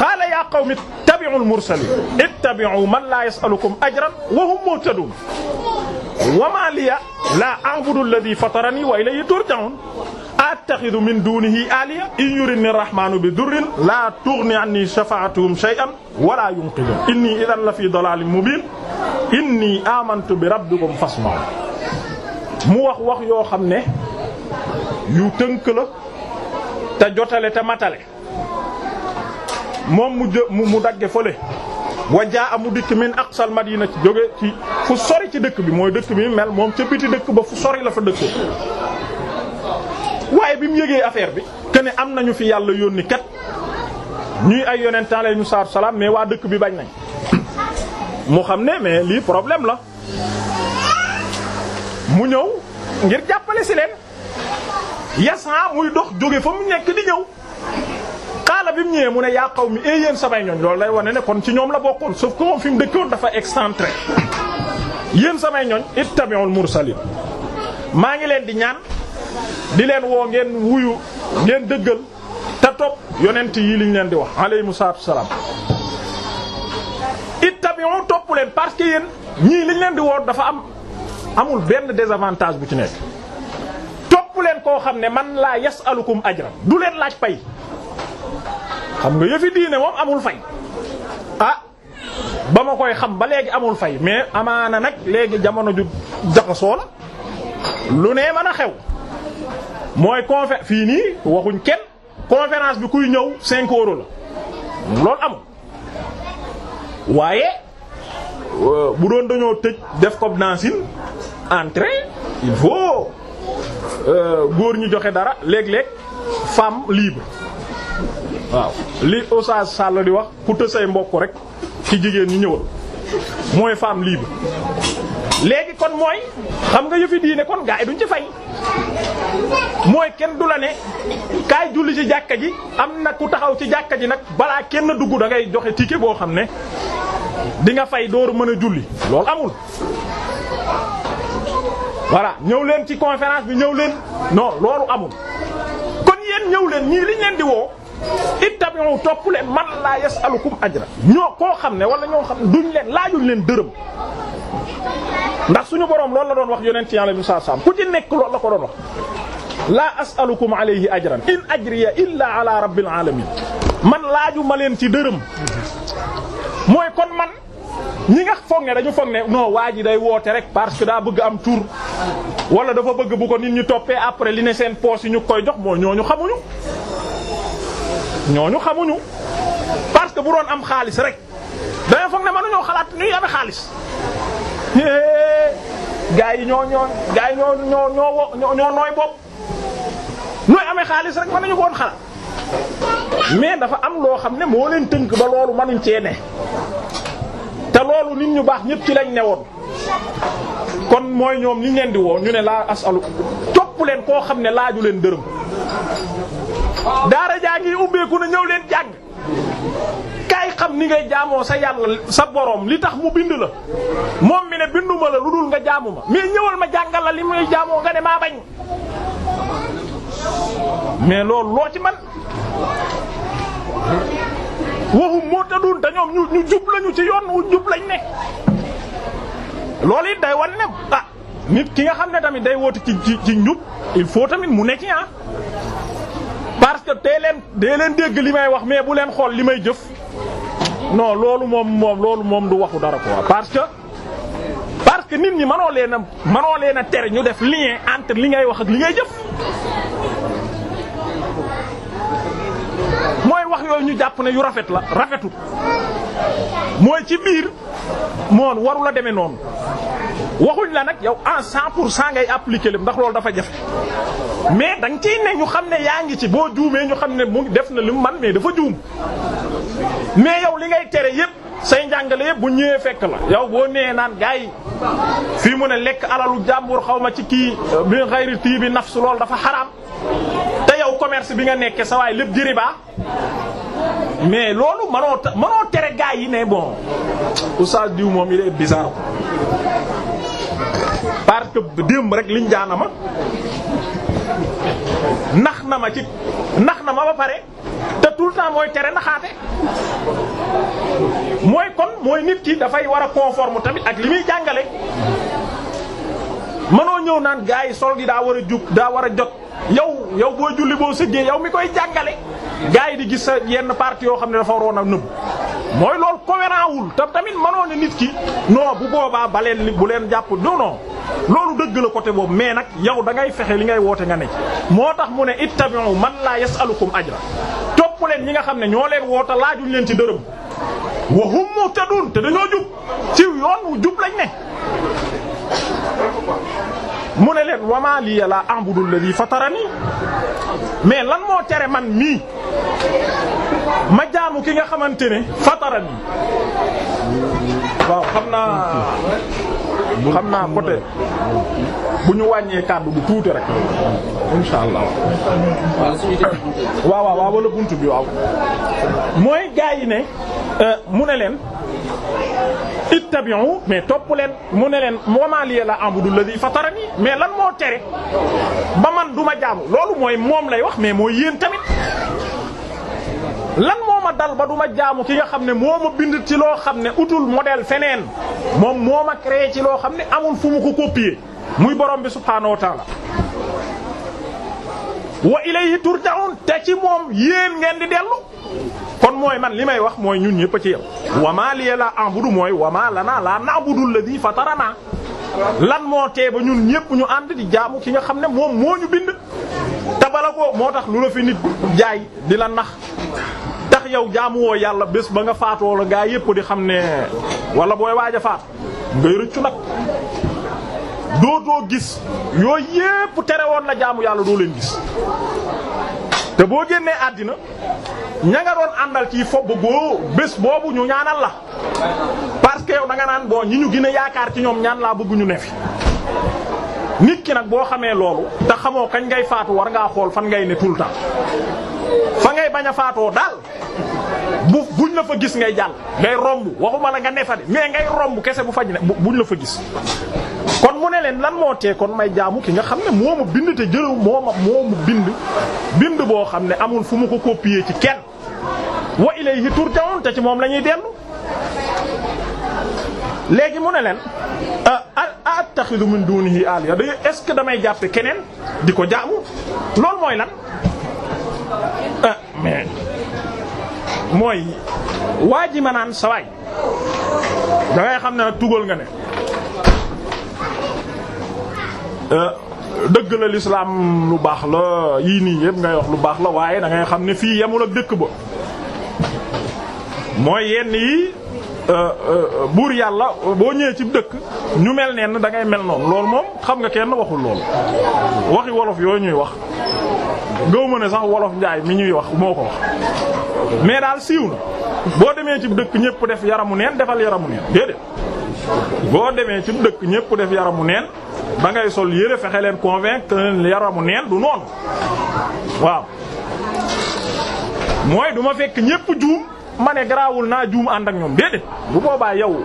qaala yaa qawmi ittabi'u al-mursalin ittabi'u man laa yas'alukum ajran wa hum muhtadun wa ma liya laa a'budu alladhi fatarani wa ilayhi turja'un attaxidu min dunihi aliya in yuridni rahmanu bi durrin la tughni anni shafaatuhum shay'an wala yunqidun inni idan la fi dalalin mubin inni amantu bi rabbikum fasma'u mu wax wax yoo xam ne yu tënk la jotale te matale moom mu jë mu dagge fële wa jaa mu dikk min aqsal madina ci jóge ci fu sori ci dëkk bi mooy dëkk bi mel moom ca biti dëkk ba fu sori la fa dëkk waaye bi mu yëgee affaire bi que ne am nañu fi yàlla yónni kat ñuy ay yonent alayhimu salaam mais waa dëkk bi bañ nañ moo xam ne mais lii problème la mu ñëw ngir jàppale si leen yasan muy dox jóge fa mu nekk di ñëw xaala bi mu ñëwee mu ne yaa xaw mi e eh yéen samay ñoñ loolu lay wane ne kon ci ñoom la bokkoon sauf que moom fi mu dëkkoon dafa ex excentré yéen samay ñoñ ittabi'ul mursalin maa ngi leen di ñaan di leen woo ngeen wuyu ngeen dëggal te topp yonent yi liñ leen di wax aleyhimu salaatu salaam ittabi'u topp leen parce que yéen ñii liñ leen di woo dafa am amul benn désavantage bu ci nekk topp leen koo xam ne man laa yas'alukum ajran du leen laaj pay xam nga yëfi diine moom amul fay a ah, ba ma koy xam ba léegi amul fay mais amaana nag léegi jamono ju jaxasoo la lu ne mën a xew mooy confé fii nii waxuñ kenn conférence bi kuy ñëw 5 euros la loolu amul waaye euh, bu doon dañoo tëj def ko dancing entrée il faut euh, góor ñu joxe dara léeg-léeg femme libre waaw li Oustaz Sall di wax ku tëj say mbokk rek ci jigéen ñi ñëwal mooy femme libre léegi kon mooy xam nga yëfi diine kon gaa yi duñ ci fay mooy kenn du la ne kaay julli ci jàkka ji am na ku taxaw ci jàkka ji nag balaa kenn dugg dangay joxe ticket boo xam ne dinga nga fay dooru mën a julli loolu amul. voilà ñëw leen ci conférence bi ñëw leen non loolu amul kon yéen ñëw leen ñii liñ leen di woo. ittabi'u topp leen man laa yas'alukum ajra ñoo koo xam ne wala ñoo xam ne duñ leen laajuñ leen dërëm ndax suñu borom loolu la doon wax yonent Yàlla Musaa saam ku ci nekk loolu la ko doon wax laa as'alukum alayhi ajran in ajriya illa ala rabbil alamin man laaju leen ci dërëm mooy kon man ñi nga foog ne dañu foog ne non waa ji day woote rek parce que daa bëgg am tour wala dafa bëgg bu ko nit ñu toppee après li ne seen poche yi ñu koy jox mooy ñooñu xamuñu ñooñu xamuñu parce que bu doon am xaalis rek dañoo foog ne mënuñoo xalaat ñuy amee xaalis. gaa yi ñoo ñoo gaa yi ñoo ñoo ñoo ñoo nooy bopp ñooy amee xaalis rek mën nañu ko woon xalaat mais dafa am loo xam ne moo leen tënk ba loolu mënuñ cee ne te loolu nit ñu baax ñëpp ci lañ ne woon kon mooy ñoom liñ leen di woo ñu ne laa asalu topp leen koo xam ne laaju leen dërëm. daara jaa ngi ubbeeku na ñëw leen jàng kaay xam ni ngay jaamoo sa yàlla sa borom li tax mu bind la moom mi ne binduma la lu dul nga jaamu ma mais ñëwal ma jàngal la li muy jaamoo nga ne maa bañ mais loolu loo ci man waxum moo tëdduun te ñoom ñu ñu jub lañu ci yoon wu jub lañ ne loolu it day wan ne ah nit ki nga xam ne tamit day woote ci ci ci njub il faut tamit mu ne ci ah. parce que tey leen dee leen dégg li may wax mais bu leen xool li may jëf no loolu moom moom loolu moom du waxu dara quoi parce que parce que nit ñi manoo leen a manoo leen a tere ñu def lien entre li ngay wax ak li ngay jëf mooy wax yooyu ñu jàpp ne yu rafet la rafetut mooy ci biir moon warula la demee noonu waxuñ la nag yow en cent pour cent ngay appliquer lépp ndax loolu dafa jafe mais da nga ciy ne ñu xam ne yaa ngi ci boo juumee ñu xam ne mu def na li mu man mais dafa juum mais yow li ngay tere yépp say njàngale yépp bu ñëwee fekk la yow boo nee naan gars yi fii mu ne lekk alalu jàmbur xaw ma ci kii bi euh, xayri tii bi nafs loolu dafa xaraam te yow commerce bi nga nekke sa waay lépp jëri baa mais loolu mënoo mënoo tere gars yi ne bon oustaz diw moom i est bizarre parce que démb rek liñ jaana ma nax na ma ci nax na ma ba pare te tout le temps mooy tere naxaate mooy kon mooy nit ki dafay war a conforme tamit ak li muy jàngale. mënoo ñëw naan gars yi sol gi daa war a jug daa war a jot yow yow boo julli boo sëggee yow mi koy jàngale gars yi di gis sa yenn parti yoo xam ne dafa waroon a nëbb mooy loolu cohérent wul te tamit mënoon na nit ki non bu boobaa ba leen bu leen jàpp non loolu dëgg la côté boobu mais nag yow da ngay fexe li ngay woote nga ne moo tax mu ne it ittabi'u man laa la yas'alukum ajra topp leen ñi nga xam ne ñoo leen woota laajuñ leen ci dërëm wa hum muhtadun te dañoo jub ci yoon wu jub lañ ne mu ne leen wama liya la a'budu alladhi fatarani mais lan moo tere man mii ma jaamu ki nga xamante ne fatarani waaw xam naa xam naa côté bu ñu wàññee kàddu bu tuuti rek insha allah waaw waaw waaw wala buntu bi waaw mooy gaa yi ne euh, mu ne leen ittabi'u mais topp leen mu ne leen wama liya la a'budu alladhi fatarani mais lan moo tere ba man duma jaamu loolu mooy moom lay wax mais moo yéen tamit lan moo ma dal ba du ma jaamu ki nga xam ne moo ma bind ci loo xam ne utul model feneen moom moo ma créé ci loo xam ne amul fu mu ko copier muy borom bi subhaanahu wa taala wa ilayhi te ci moom yéen ngeen di dellu kon mooy man li may wax mooy ñun ñëpp a ci yam wama liya la a'budu mooy wama lana la na'budu alladhi fatarana lan moo tee ba ñun ñëpp ñu ànd di jaamu ki nga xam ne moom moo ñu bind te bala ko moo tax lu la fi nit jaay di la nax tax yow jaamuwoo yàlla bés ba nga faatoo la gaa yépp di xam ne wala booy waaj a faat ngay rëccu nag dootoo gis yooyu yépp woon la jaamu yàlla doo leen gis te boo génnee àddina ña nga doon àndal ci fob boo bés boobu ñu ñaanal la parce que yow da nga naan bon ñi ñu gën a yaakaar ci ñoom ñaan laa bëgg ñu ne fi nit ki nag boo xamee loolu te xamoo kañ ngay faatu war ngaa xool fan ngay ne tout le temps fa ngay bañ a faatoo daal bu buñ la fa gis ngay jàll ngay romb waxuma la nga ne fa de mais ngay romb kese bu faj ne buñ la fa gis kon mu ne leen lan moo tee kon may jaamu ki nga xam ne moo ma bind te jërëw moo ma moo ma bind bind boo xam ne amul fu mu ko copier ci kenn wa ilayhi turja'un te ci moom lañuy dellu léegi mu ne leen euh, a attaxidu min dunihi aliya da est-ce que damay jàppe keneen di ko jaamu lool mooy lan euh, mais mooy waa ji ma naan sawaay da ngay xam ne nag tugal nga ne euh, dëgg la lislaam lu baax la yii nii yëpp ngay wax lu baax la waaye da ngay xam ne fii yemul ak dëkk ba mooy yenn yi Euh, euh, buur yàlla boo ñëwee ci dëkk ñu mel neen da ngay mel noonu loolu moom xam nga kenn waxul loolu waxi wolof yooyu ñuy wax gëw ma ne sax wolof njaay mi ñuy wax moo ko wax mais daal siiw na boo demee ci dëkk ñépp def yaramu neen defal yaramu neen déedéet boo demee ci dëkk ñépp def yaramu neen da ngay sol yére fexe leen convaincre leen yaramu neen du noonu waaw mooy duma fekk ñépp juum ma ne garaawul naa juum ànd ak ñoom déedéet bu boobaa yow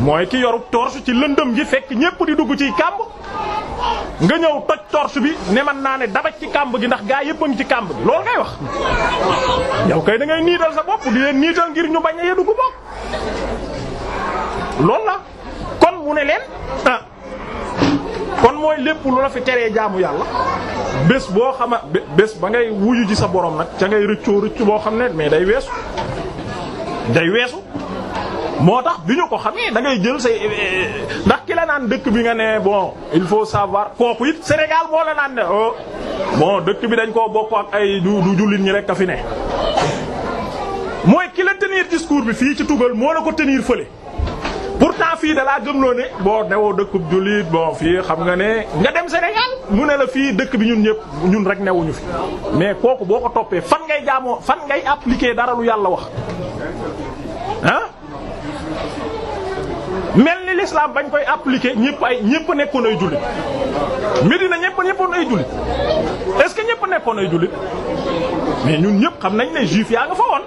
mooy ki yoru torche ci lëndëm ji fekk ñépp di dugg ciy kàmb nga ñëw toj tors bi ne man naa ne dabaj ci kàmb gi ndax gaa yépp a ngi ci kàmb gi loolu ngay wax yow kay da ngay niital sa bopp di leen niital ngir ñu bañ a yee dugg bopp loolu la kon mu ne leen ah, kon mooy lépp lu la fi teree jaamu yàlla bés boo xama bés ba ngay wuyu ji sa borom nag ca ngay rëccoo rëcc boo xam ne mais day weesu day weesu moo tax bi ñu ko xamee da ngay jël say ndax ki la naan dëkk bi nga ne bon il faut savoir kooku it Sénégal boo la naan ne oh bon dëkk bi dañ ko bokk ak ay du du jullit ñi rek a fi ne mooy ki la tenir discours bi fii ci tugal moo la ko tenir fële. temps fii da laa gëmloo ne boo newoo dëkkub jullit bon fii xam nga ne nga dem Sénégal mu ne la fii dëkk bi ñun ñëpp ñun rek newuñu fi mais kooku boo ko toppee fan ngay jaamoo fan ngay appliquer dara lu yàlla wax ah. mel ni l'islam bañ koy appliquer ñëpp ay ñëpp nekkoon ay jullit Medina ñëpp ñëppoon ay jullit est-ce que nekkoon ay jullit mais ñun ñëpp xam nañ ne juif yaa nga fa woon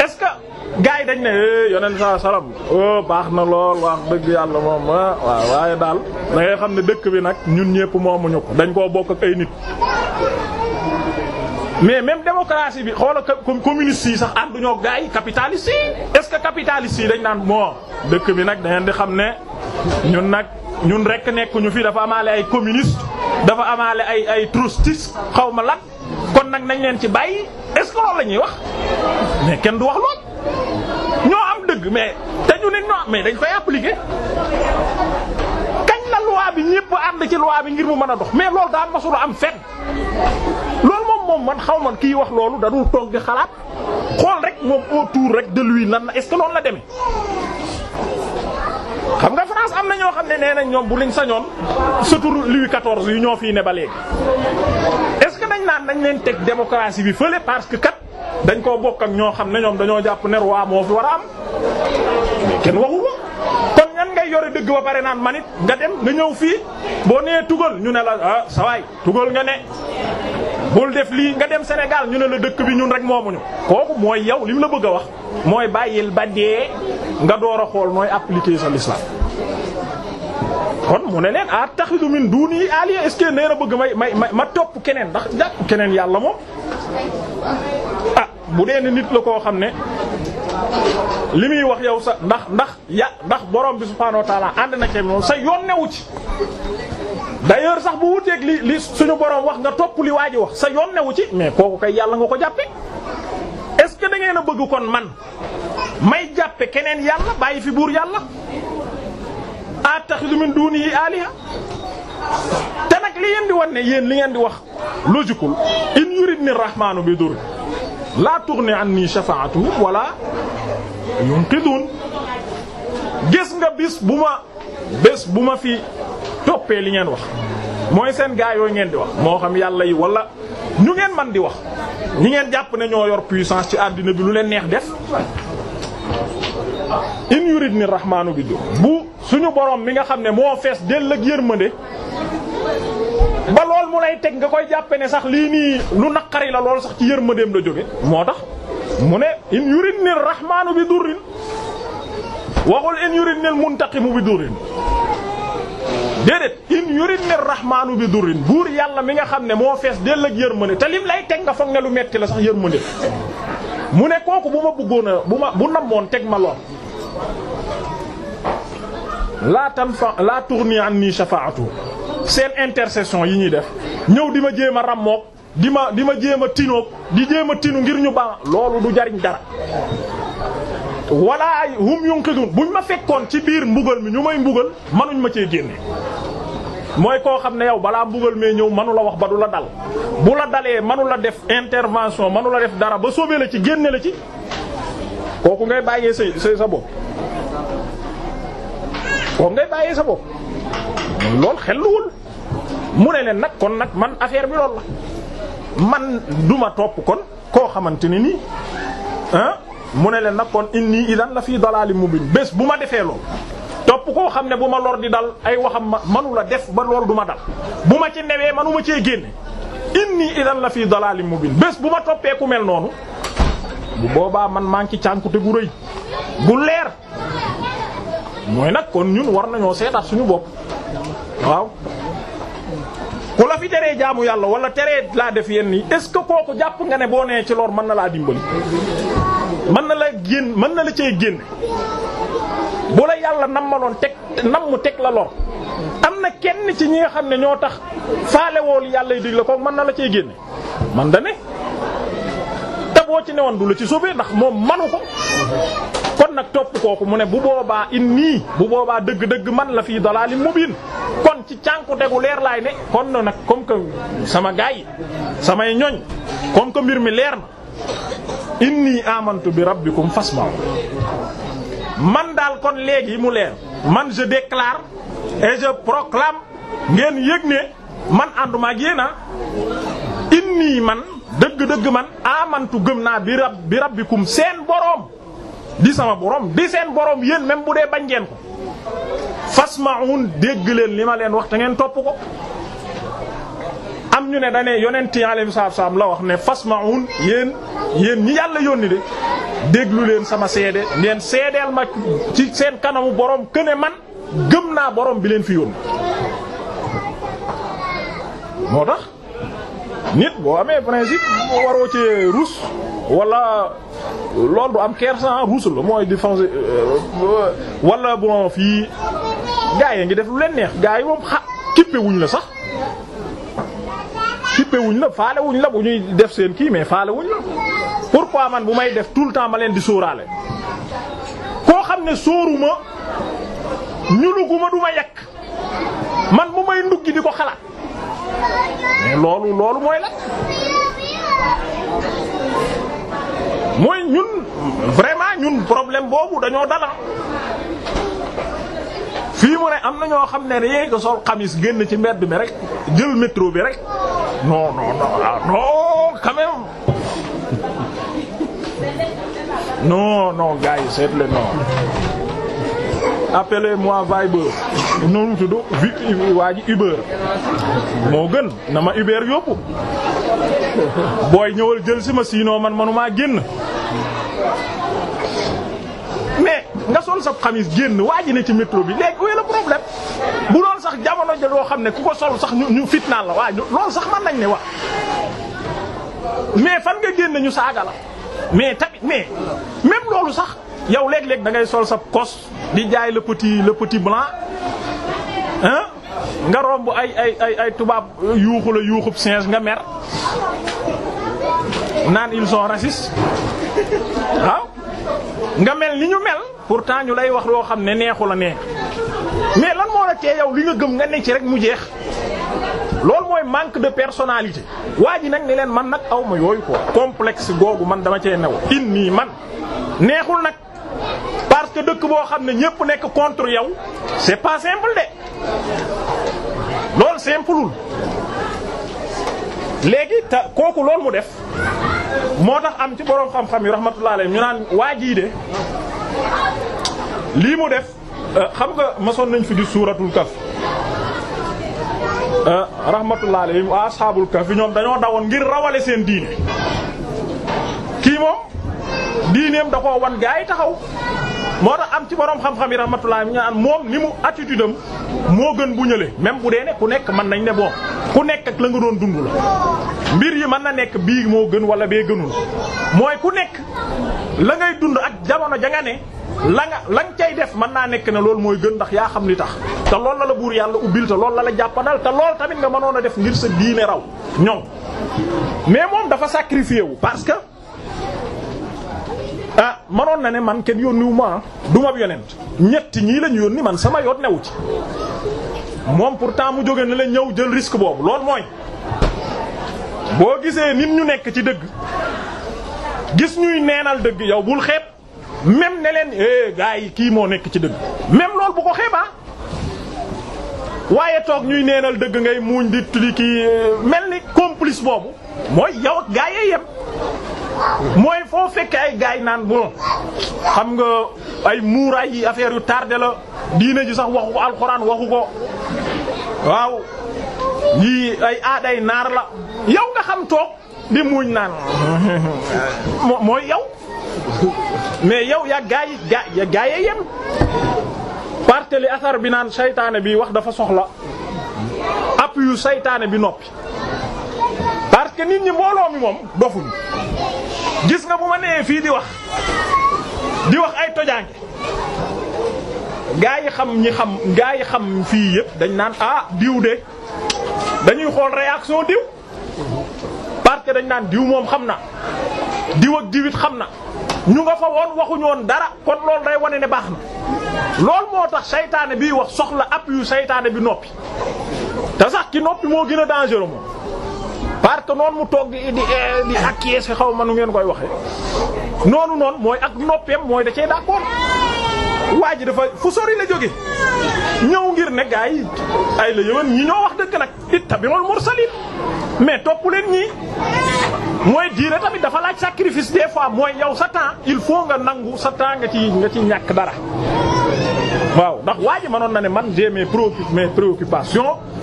est gars yi dañ ne eh, yonent saa salaam oh baax na lool wax dëgg yàlla moom ah waaw waaye daal da ngay xam ne dëkk bi nag ñun ñépp moomuñu ko dañ koo bokk ak ay nit. mais même démocratie bi xoolal communiste yi sax ànduñoo gars yi capitaliste yi est-ce que capitaliste yi dañ naan moo dëkk bi nag da di xam ne ñun nag ñun rek nekkuñu fi dafa amaale ay communiste dafa amaale ay ay trotskiste xaw ma lan. nag nañ leen ci bàyyi est-ce que wax mais kenn du wax lool ñoo am dëgg mais te ñu ne ñoo mais dañ koy appliquer. kañ la loi bi ñépp ànd ci loi bi ngir mu mën a dox mais loolu daa masula am fenn loolu moom moom man xaw ma kiy wax loolu da dul toog xalaat xool rek moom autour rek de lui nan la est-ce que noonu la demee. xam nga France am na ñoo xam ne nee nañ ñoom bu liñ sañoon surtout Louis XIV yu ñoo fii ne ba léegi dañ naan nañ leen teg démocratie bi fële parce que kat dañ koo bokk ak ñoo xam ne ñoom dañoo jàpp ne roi moo fi war a am mais kenn waxu kon ñan ngay yore dëgg ba pare naan manit nga dem nga ñëw fii boo nee tugal ñu ne la ah sawaay tugal nga ne bul def lii nga dem Sénégal ñu ne la dëkk bi ñun rek moomuñu kooku mooy yow li mu la bëgg a wax mooy bàyyil ba dee nga door a xool mooy appliquer sa kon mu ne leen a taxidu min duuni aliya est-ce bëgg may may ma topp keneen ndax jàpp keneen yàlla moom ah bu dee nit la koo xam ne li muy wax yow sa ndax ndax ya ndax borom bi subhaanahu wa ànd na ci moom sa yoon newu ci d'ailleurs sax bu wuteeg li li suñu borom wax nga topp li waa ji wax sa yoon newu ci mais kooku kay yàlla nga ko jàppe est-ce que da ngeen a bëgg kon man may jàppe keneen yàlla bàyyi fi buur yàlla attaxidu min dunihi aliha te nag li ngeen di wan ne yéen li ngeen di wax logique in yuridni rahmanu bi dur la tughni anni shafaatuhum wala yunqidun gis nga bis bu ma bés bu ma fi toppee li ngeen wax mooy seen gaa yooyu ngeen di wax moo xam yàlla yi wala ñu ngeen man di wax ñi ngeen jàpp ne ñoo yor puissance ci àddina bi lu leen neex def in yuridni rahmanu bi dur bu suñu borom mi nga xam ne moo fees dell ak yërmande ba lool mu lay teg nga koy jàppe ne sax lii nii lu naqari la lool sax ci yërmandeem la jóge moo tax mu ne in yuridni rahmaanu bi durrin waxul in yuridni muntaqimu bi durrin déedéet in yuridni rahmaanu bi durrin buur yàlla mi nga xam ne moo fees dell ak yërmande te lim lay teg nga foog ne lu metti la sax yërmande mu ne kooku bu ma bëggoon a bu ma bu namoon teg ma lool laa tan fa laa tourni an nii shafaatu seen intercession yi ñuy def ñëw di ma jéem a rammoog di ma di ma jéem a tinoog di jéem a tinu ngir ñu baa loolu du jariñ dara wala ay hum yunqidun buñ ma fekkoon ci biir mbugal mi ñu may mbugal manuñ ma cee génne mooy koo xam ne yow balaa mbugal mee ñëw manu wax ba du la dal bu la dalee manu def intervention manu def dara ba soobee la ci génne la ci kooku ngay bàyyee sa sa sa bopp ko ngay bàyyee sa bopp lool xelluwul mu ne leen nag kon nag man affaire bi lool la man duma topp kon koo xamante ne nii ah mu ne leen nag kon nii idan la fii dalaalim mubin bés bu ma defee lool topp koo xam ne bu ma lor di dal ay waxam ma manu def ba loolu du ma dal bu ma ci newee manuma cee génne inni idan la fii dalaalim mubin bés bu ma toppee ku mel noonu mu boobaa man maa ngi ci cànkute gu rëy gu leer mooy nag kon ñun war nañoo seetaat suñu bopp waaw ku la fi teree jaamu yàlla wala teree laa def yenn yi est ce que kooku jàpp nga ne boo nee ci lor mën na laa dimbali mën na la génn mën na la cee génn bu la yàlla nammaloon teg mu teg la lor am na kenn ci ñi nga xam ne ñoo tax faale wool yàlla yi ko mën na la cee génn mën da ne te boo ci newoon du la ci sauver ndax moom manu ko kon nag topp kooku mu ne bu boobaa inni bu boobaa dëgg-dëgg man la fii dalaalin mubiin kon ci cànku tegu leer laay ne kon na nag comme que sama gaay samay ñoñ comme que mbir mi leer na inni amantu bi rabbikum fasma'u man daal kon léegi mu leer man je déclare et je proclame ngeen yëg ne man ànduma ak yéena inni man dëgg-dëgg man amantu gëm naa bi rab bi rabbikum seen boroom di sama boroom di seen boroom yéen même bu dee bañ ngeen ko fasma'un dégg leen li ma leen wax te topp ko am ñu ne dane yonent yi alayhi salaam la wax ne fasma'un yéen yéen ñi yàlla yónni de déglu leen sama seede leen seedeel ma ci seen kanamu boroom këne man gëm naa boroom bi leen fi yónni moo tax nit boo amee principe waroo ci ruus wala loolu du am kersan ruus la mooy défense euh, wala bon fii gaa yi ngi def lu leen neex gaa yi moom xa kippe wuñ la sax kippe wuñ la faale wuñ la bu ñuy def seen kii mais faale wuñ la pourquoi man bu may def tout le temps ma leen di sóoraale koo xam ne sooruma ñuluguma du ma yekk man bu may nduggi di ko xalaat mais loolu loolu mooy la mooy ñun vraiment ñun problème boobu dañoo dala fii mu ne am na ñoo xam ne rien que sol xamis génn ci medd mi rek jël métro bi rek non non non ah, non quand même non non gars yi seet le non appelez-moi Viber noonu tudd vi waa ji Uber moo gën na ma Uber yóbbu booy ñëwal jël si ma siinoo man manumaa génn mais nga sol sa xamis génn waa ji ne ci métro bi léegi où est problème bu loolu sax jamono ja doo xam ne ku ko sol sax ñu fitnaal la waa loolu sax mën nañ ne wax mais fan nga génn ñu saaga la mais tamit mais même loolu sax yow léeg-léeg da ngay sol sa kos di jaay la petit le petit blanc hein nga romb ay ay ay ay tubaab yuuxu la yuuxub singe nga mer naan ils sont rasis waaw nga mel ni ñu mel pour ñu lay wax loo xam ne neexul la nee mais lan moo la tee yow li nga gëm nga ne ci rek mu jeex loolu mooy manque de personnalité waa ji nag ni leen man nag aw ma yooyu ko complexe googu man dama cee new inni man neexul nag parce que dëkk boo xam ne ñépp nekk contre yow c'est pas simple de loolu simpleul léegi te kooku loolu mu def moo tax am ci boroom xam-xam yi rahmatullah alayhi ñu naan waa jii de lii mu def euh, xam nga masoon nañ fi gis suuratul kaf euh, rahmatullah alayhi ashabul kaf yi ñoom dañoo dawoon ngir rawale seen diine kii moom diineem da koo wan gaa yi taxaw moo tax am ci borom xam-xam yi rahmatullah mi nga am moom ni mu attitude am moo gën bu ñële même bu dee ne ku nekk mën nañ ne bon ku nekk ak la nga doon dund la mbir yi mën na nekk bii moo gën wala bee gënul mooy ku nekk la ngay dund ak jamono ja ne la nga la cay def mën naa nekk ne loolu mooy gën ndax yaa xam li tax te loolu la la buur yàlla ubbil te loolu la la jàppandal te lool tamit nga mënoon a def ngir sa diine raw ñoom mais ah manoon na ne man kenn yónniwu ma du ma yonent ñetti ñii lañu yónni man sama yoot newu ci moom pourtant mu jóge na la ñëw jël risque boobu loolu mooy boo gisee nit ñu nekk ci dëgg gis ñuy neenal dëgg yow bul xeeb même ne leen eh gars yi kii moo nekk ci dëgg même loolu bu ko xeebaa ah. waaye toog ñuy neenal dëgg ngay muuñ di tuddi kii eh, mel ni complice boobu mooy yow gaa gars yee yem. mooy foo fekkee ay gaay naan bon xam nga ay muuraay yi affaire yu tardé la diine ji sax waxu ko alxuraan waxu ko waaw yii ay aaday naar la yow nga xam toog di muuñ naan mooy yow mais yow yaa gaay yaa gaay yem parte li asar bi naan seytaane bi wax dafa soxla app yu saytaane bi noppi parce que nit ñi mbooloo mi moom dofuñu gis nga bu ma nee fii di wax di wax ay tojange gaa yi xam ñi xam gaa yi xam fii yëpp dañ naan ah diw de dañuy xool réaction diw parce que dañ naan diw moom xam na diw ak diwit xam na ñu nga fa woon waxuñu woon dara kon loolu day wane ne baax na loolu moo tax saytaane biy wax soxla appui saytaane bi noppi te sax ki noppi moo gën a dangereux moom parce que noonu mu toog di di eh, di acquiescer xaw ma nu ngeen koy waxee noonu noonu mooy ak noppeem mooy da cee d'accord waa ji dafa fu sori la jóge ñëw ngir ne gaa yi ay la yëwan ñi ñoo wax dëgg nag ittabi'ul mursalin mais topp leen ñii mooy diine tamit dafa laaj sacrifice des fois mooy yow sa temps il faut nga nangu sa temps nga ci nga ci ñàkk dara waaw ndax waa ji mënoon na ne man j'ai mes pré mes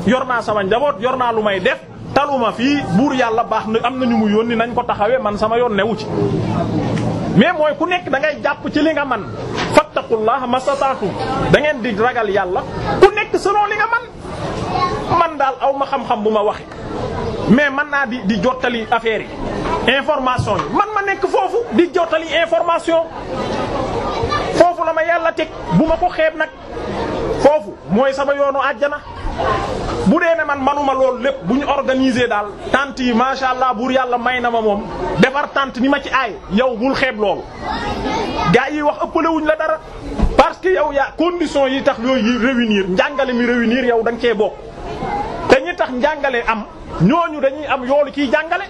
yor naa sama njaboot yor naa lu may def taluma fii buur yàlla baax na am nañu mu yónni nañ ko taxawee man sama yoon newu ci mais mooy ku nekk da ngay jàpp ci li nga man fattaqullaha masataatum da dangeen di ragal yàlla ku nekk selon li nga man man daal aw ma xam-xam bu ma waxe mais man naa di di jottali affaire yi information yi man ma nekk foofu di jottali information foofu la ma yàlla teg bu ma ko xeeb nag foofu mooy sama yoonu àjjana bu dee ne man manuma loolu lépp bu ñu organiser daal tente yi macha allah buur yàlla may na ma moom defar tànt ni ma ci aay yow bul xeeb lool gaa yi wax ëppale wuñ la dara parce que yow yaa condition yi tax yooyu réunir njàngale mi réunir yow da nga cee bokk te ñi tax njàngale am ñooñu dañuy am yoolu ciy jàngale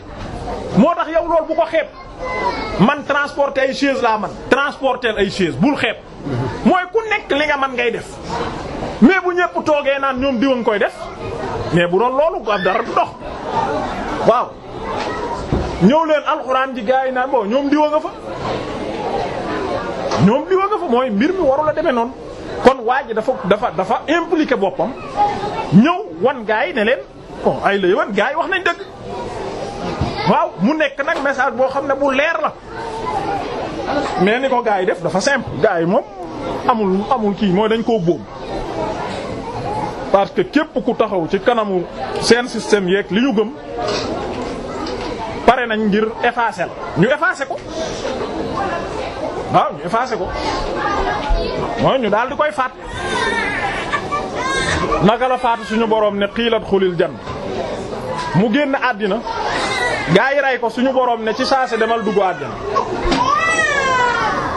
moo tax yow loolu bu ko xeeb. man transporter ay chaise laa man transporter ay chaise bul xeeb mooy ku nekk li nga man ngay def mais bu ñëpp toogee naan ñoom diwa nga koy def mais bu doon loolu ab dara du dox waaw ñëw leen alxuraan ji gaa yi naan bon ñoom diwa nga fa ñoom diwa nga fa mooy mbir mi warul a demee noonu kon waa ji dafa dafa dafa impliqué boppam ñëw wan gaa yi ne leen bon ay la yëwan gaa yi wax nañ dëgg waaw mu nekk nag message boo xam ne bu leer la mais ni ko gaa yi def dafa simple gaa yi moom amul amul kii mooy dañ koo bóom parce que képp ku taxaw ci kanamu seen système yeeg li ñu gëm pare nañ ngir effacer ñu effacer ko waaw ñu effacer ko mooy ñu daal di koy faat naka la faatu suñu boroom ne xiilat xulil jan mu génn àddina gaa yi rey ko suñu boroom ne ci saase demal dugg àjjana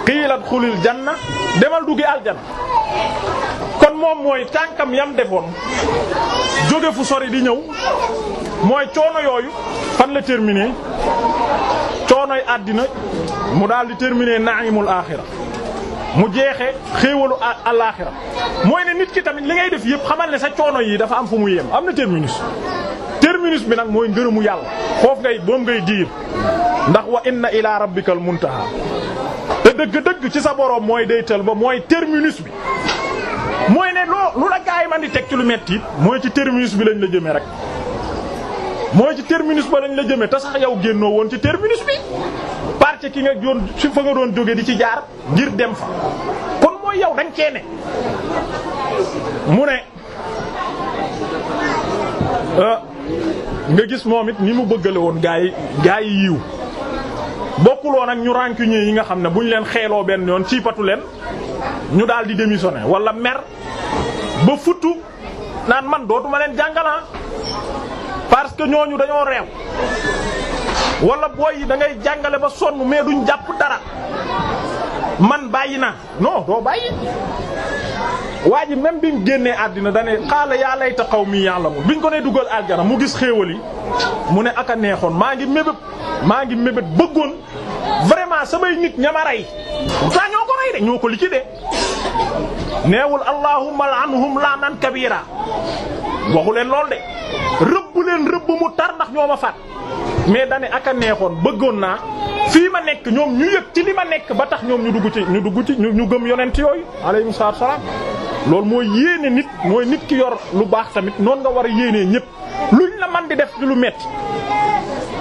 xiilat xulil janna demal duggi jan moom mooy tànkam yam defoon jóge fu sori di ñëw mooy coono yooyu fan la terminé coonoy àddina mu daal di terminé naimul axira mu jeexe xéewalu alaaxira mooy ne nit ki tamit li ngay def yëpp xamal ne sa coono yi dafa am fu mu yem am na terminus terminus bi nag mooy ngërëmu yàlla foofu ngay boom ngay diir ndax wa inna ila rabbikal muntaha te dëgg-dëgg ci sa boroom mooy daytal ba mooy terminus bi mooy ne loo lu la gaa man di teg ci lu metti mooy ci terminus bi lañ la jëmee rek mooy ci terminus ba lañ la jëmee te sax yow génnoo woon ci terminus bi parce ki nga doon si fa nga doon jóge di ci jaar ngir dem fa kon mooy yow dañ cee mu ne euh, nga gis moom it ni mu bëggale woon gaay yi gaa yi yiw bokkuloo nag ñu rancunier yi nga xam ne bu ñu leen xeeloo benn yoon ciipatu leen ñu daal di démissionner wala mer ba futtu naan man dootuma leen jàngalan ah. parce que ñooñu dañoo reew wala booy yi da ngay jàngale ba sonn mais duñ jàpp dara man bàyyi naa non doo bàyyi waa ji même bi mu génnee àddina dane xaala yaa layta qawmi ya'lamun biñ ko ne dugal aljana mu gis xéewal mu ne aka neexoon maa ngi mébét maa ngi mébét bëggoon vraiment samay nit ña ma rey pourtant ñoo ko rey de ñoo ko liquidé neewul allahumma la'anhum la'nan kabira waxu leen lool de rëbb leen rëbb mu tar ndax ñoo ma faat mais dane aka neexoon bëggoon naa fii ma nekk ñoom ñu yëg ci li ma nekk ba tax ñoom ñu dugg ci ñu dugg ci ñu gëm yonent yooyu alayhi salaatu wa salaam loolu mooy yéene nit mooy nit ki yor lu baax tamit noonu nga war a yéenee ñépp luñ la man di def ci lu metti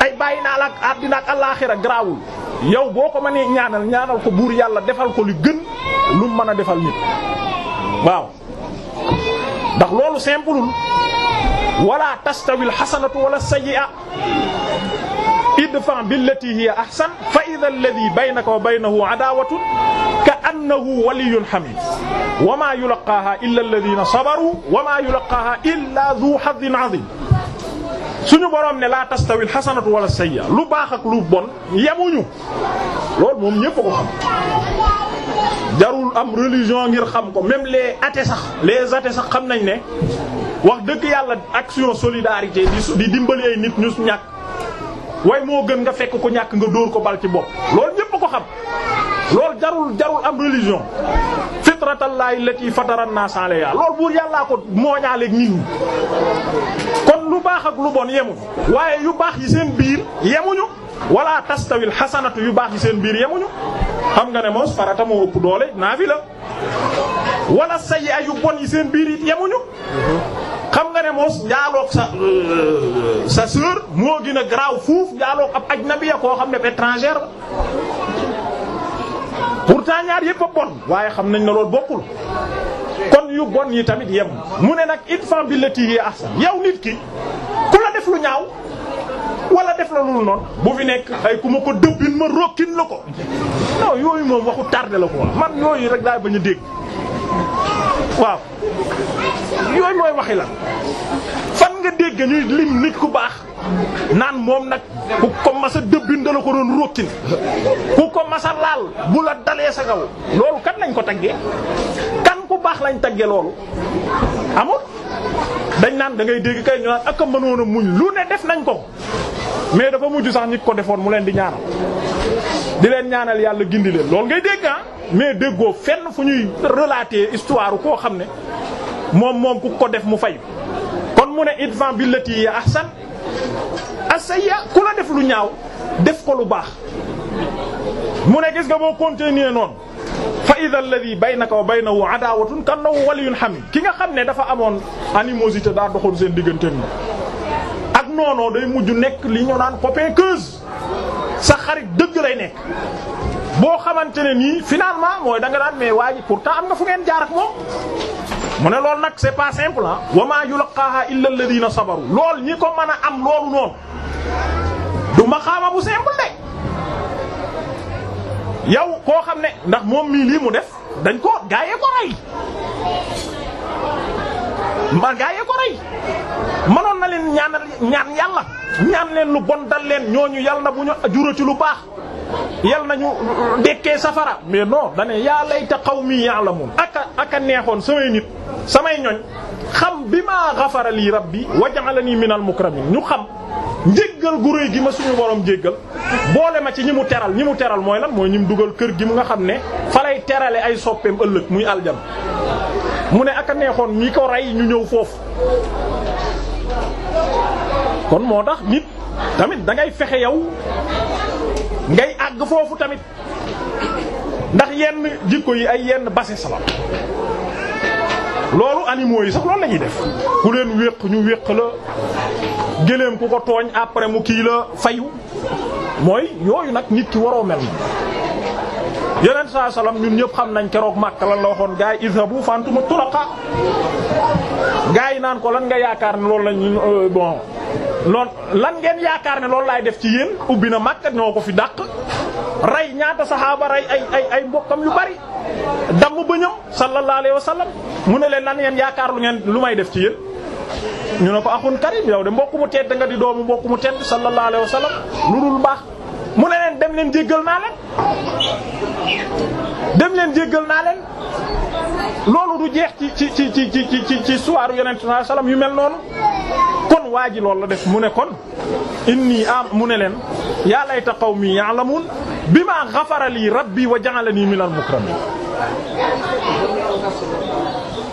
ay bàyyi naa la ak àddina ak àllaaxira garaawul yow boo ko mënee ñaanal ñaanal ko buur yàlla defal ko lu gën lu mën a defal nit waaw ndax loolu simple wala tastawil xasanatu wala sayyi'a idfa billati hiya ahsan fa idha alladhi baynaka wa baynahu adawatun ka annahu waliyyun hamim wa ma yulqaha illa alladhina sabaru wa ma yulqaha illa dhu hadhin azim suñu borom ne la tastawil xasanatu wala sayya lu baax ak lu bon yemuñu loolu moom ñépp ko xam jarul am religion ngir xam ko même les athées sax les athées sax xam nañ ne wax dëgg yàlla action solidarité di dimbali ay nit ñu ñàkk way moo gën nga fekk ko ñàkk nga dóor ko bal ci bopp loolu ñépp ko xam loolu jarul jarul am lay fitratallahi yi fatara an-nas alayha loolu buur yàllaa ko mooñaaleeg nit ñi kon lu baax ak lu bon yemuñu waaye yu baax yi seen biir yemuñu wala tastawil xasanatu yu baax yi seen biir yemuñu xam nga ne moos farata moo ëpp doole naafila wala sayyi'a yu bon yi seen biir it yemuñu xam nga ne moos njaaloog sa euh, sa sœur moo gën garaaw fuuf njaaloog ab ajnabiya koo xam ne étrangère la pourtant ñaar yépp a bon waaye xam nañ ne loolu bokkul kon yu bon yi tamit yem mu ne nag idfa billati hi ahsan yow nit ki ku la def lu ñaaw wala def la loolu noonu bu fi nekk ay ku ma ko dëbbin ma rokkin la ko non yooyu moom waxu tardé la quoi man yooyu rek daay bañ a dégg waaw yooyu mooy waxi la fan nga dégg ñuy lim nit ku baax naan moom nag ku ko masa dëbbin dala ko doon rókkin ku ko masa laal bu la dalee sa kaw loolu kan lañ ko taggee kan ku baax lañ taggee loolu amul dañ naan dangay dégg kay ñu naan ak a muñ lu ne def nañ ko mais dafa mujj sax nit ko defoon mu leen di ñaanal di leen ñaanal yàlla gindi leen loolu ngay dégg ah mais déggoo fenn fu ñuy relater histoire koo xam ne moom moom ku ko def mu fay kon mu ne idfa billati ahsan asayya ku la def lu ñaaw def ko lu baax mu ne gis nga boo continuer noonu fa idha alladhi baynaka wa baynahu adawatun kannahu waliyyun hamim ki nga xam ne dafa amoon animosité daa doxoon seen diggante ni ak noonoo day mujju nekk li ñu naan copain queuse sa xarit dëgg lay nekk boo xamante ne nii finalement mooy da nga daan mais waa ji pourtant am nga fu ngeen jaar ak moom mu ne loolu nag c'est pas simple ah. wa maa yulqaaha illa alladhina sabaru lool ñi ko mën a am loolu noonu du maxaama bu simple de yow koo xam ne ndax moom mii lii mu def dañ ko gaayee ko rey ma gaayee ko rey mënoon na leen ñaanal ñaan yàlla ñaan leen lu bon dal leen ñooñu yàlla na bu ñu juró ci lu baax. yal nañu dekkee safara mais non dane yaa layta qawmi ya'lamun aka aka neexoon samay nit samay ñoñ xam bi maa rab bi rabbi wa ja'alani minal mukramin ñu xam njéggal gu réy gi ma suñu borom jéggal boole ma ci ñi mu teral ñi mu teral mooy lan mooy ñi mu dugal kër gi mu nga xam ne fa lay terale ay soppeem ëllëg muy aljam mu ne aka neexoon ñi ko rey ñu ñëw foofu kon moo tax nit tamit dangay fexe yow ngay àgg foofu tamit ndax yenn jikko yi ay yenn base sala loolu animaux yi sax loolu la def ku leen wéq ñu wéq la gëléem ku ko tooñ après mu kii la fayu mooy yooyu nag nit ki waroo mel na yeneen saa salaam ñun ñëpp xam nañ keroog Makka lan la waxoon gars yi izhabu fantuma turaqa gars yi naan ko lan nga yaakaar ne loolu lañ euh, bon loon lan ngeen yaakaar ne loolu laay def ci yéen ubbi na Makka ñoo ko fi dàq rey ñaata saxaaba rey ay ay ay mbokkam yu bari damm bëñam sallallahu alayhi wa mu ne leen lan ngeen yaakaar lu ngeen lu may def ci yéen ñu ne ko axun karim yow de mbokk mu tedd nga di doomu mbokk mu tedd sallallahu alayhi wa sallam lu dul baax mu ne leen dem leen jéggal naa leen dem leen jéggal naa leen loolu du jeex ci ci ci ci ci ci ci suwaaru yonent sallallahu alayhi yu mel noonu kon waa ji loolu la def mu ne kon inni am mu ne leen yaa layta qawmi ya'lamun bima ghafara li rabbi wa ja'alani minal yi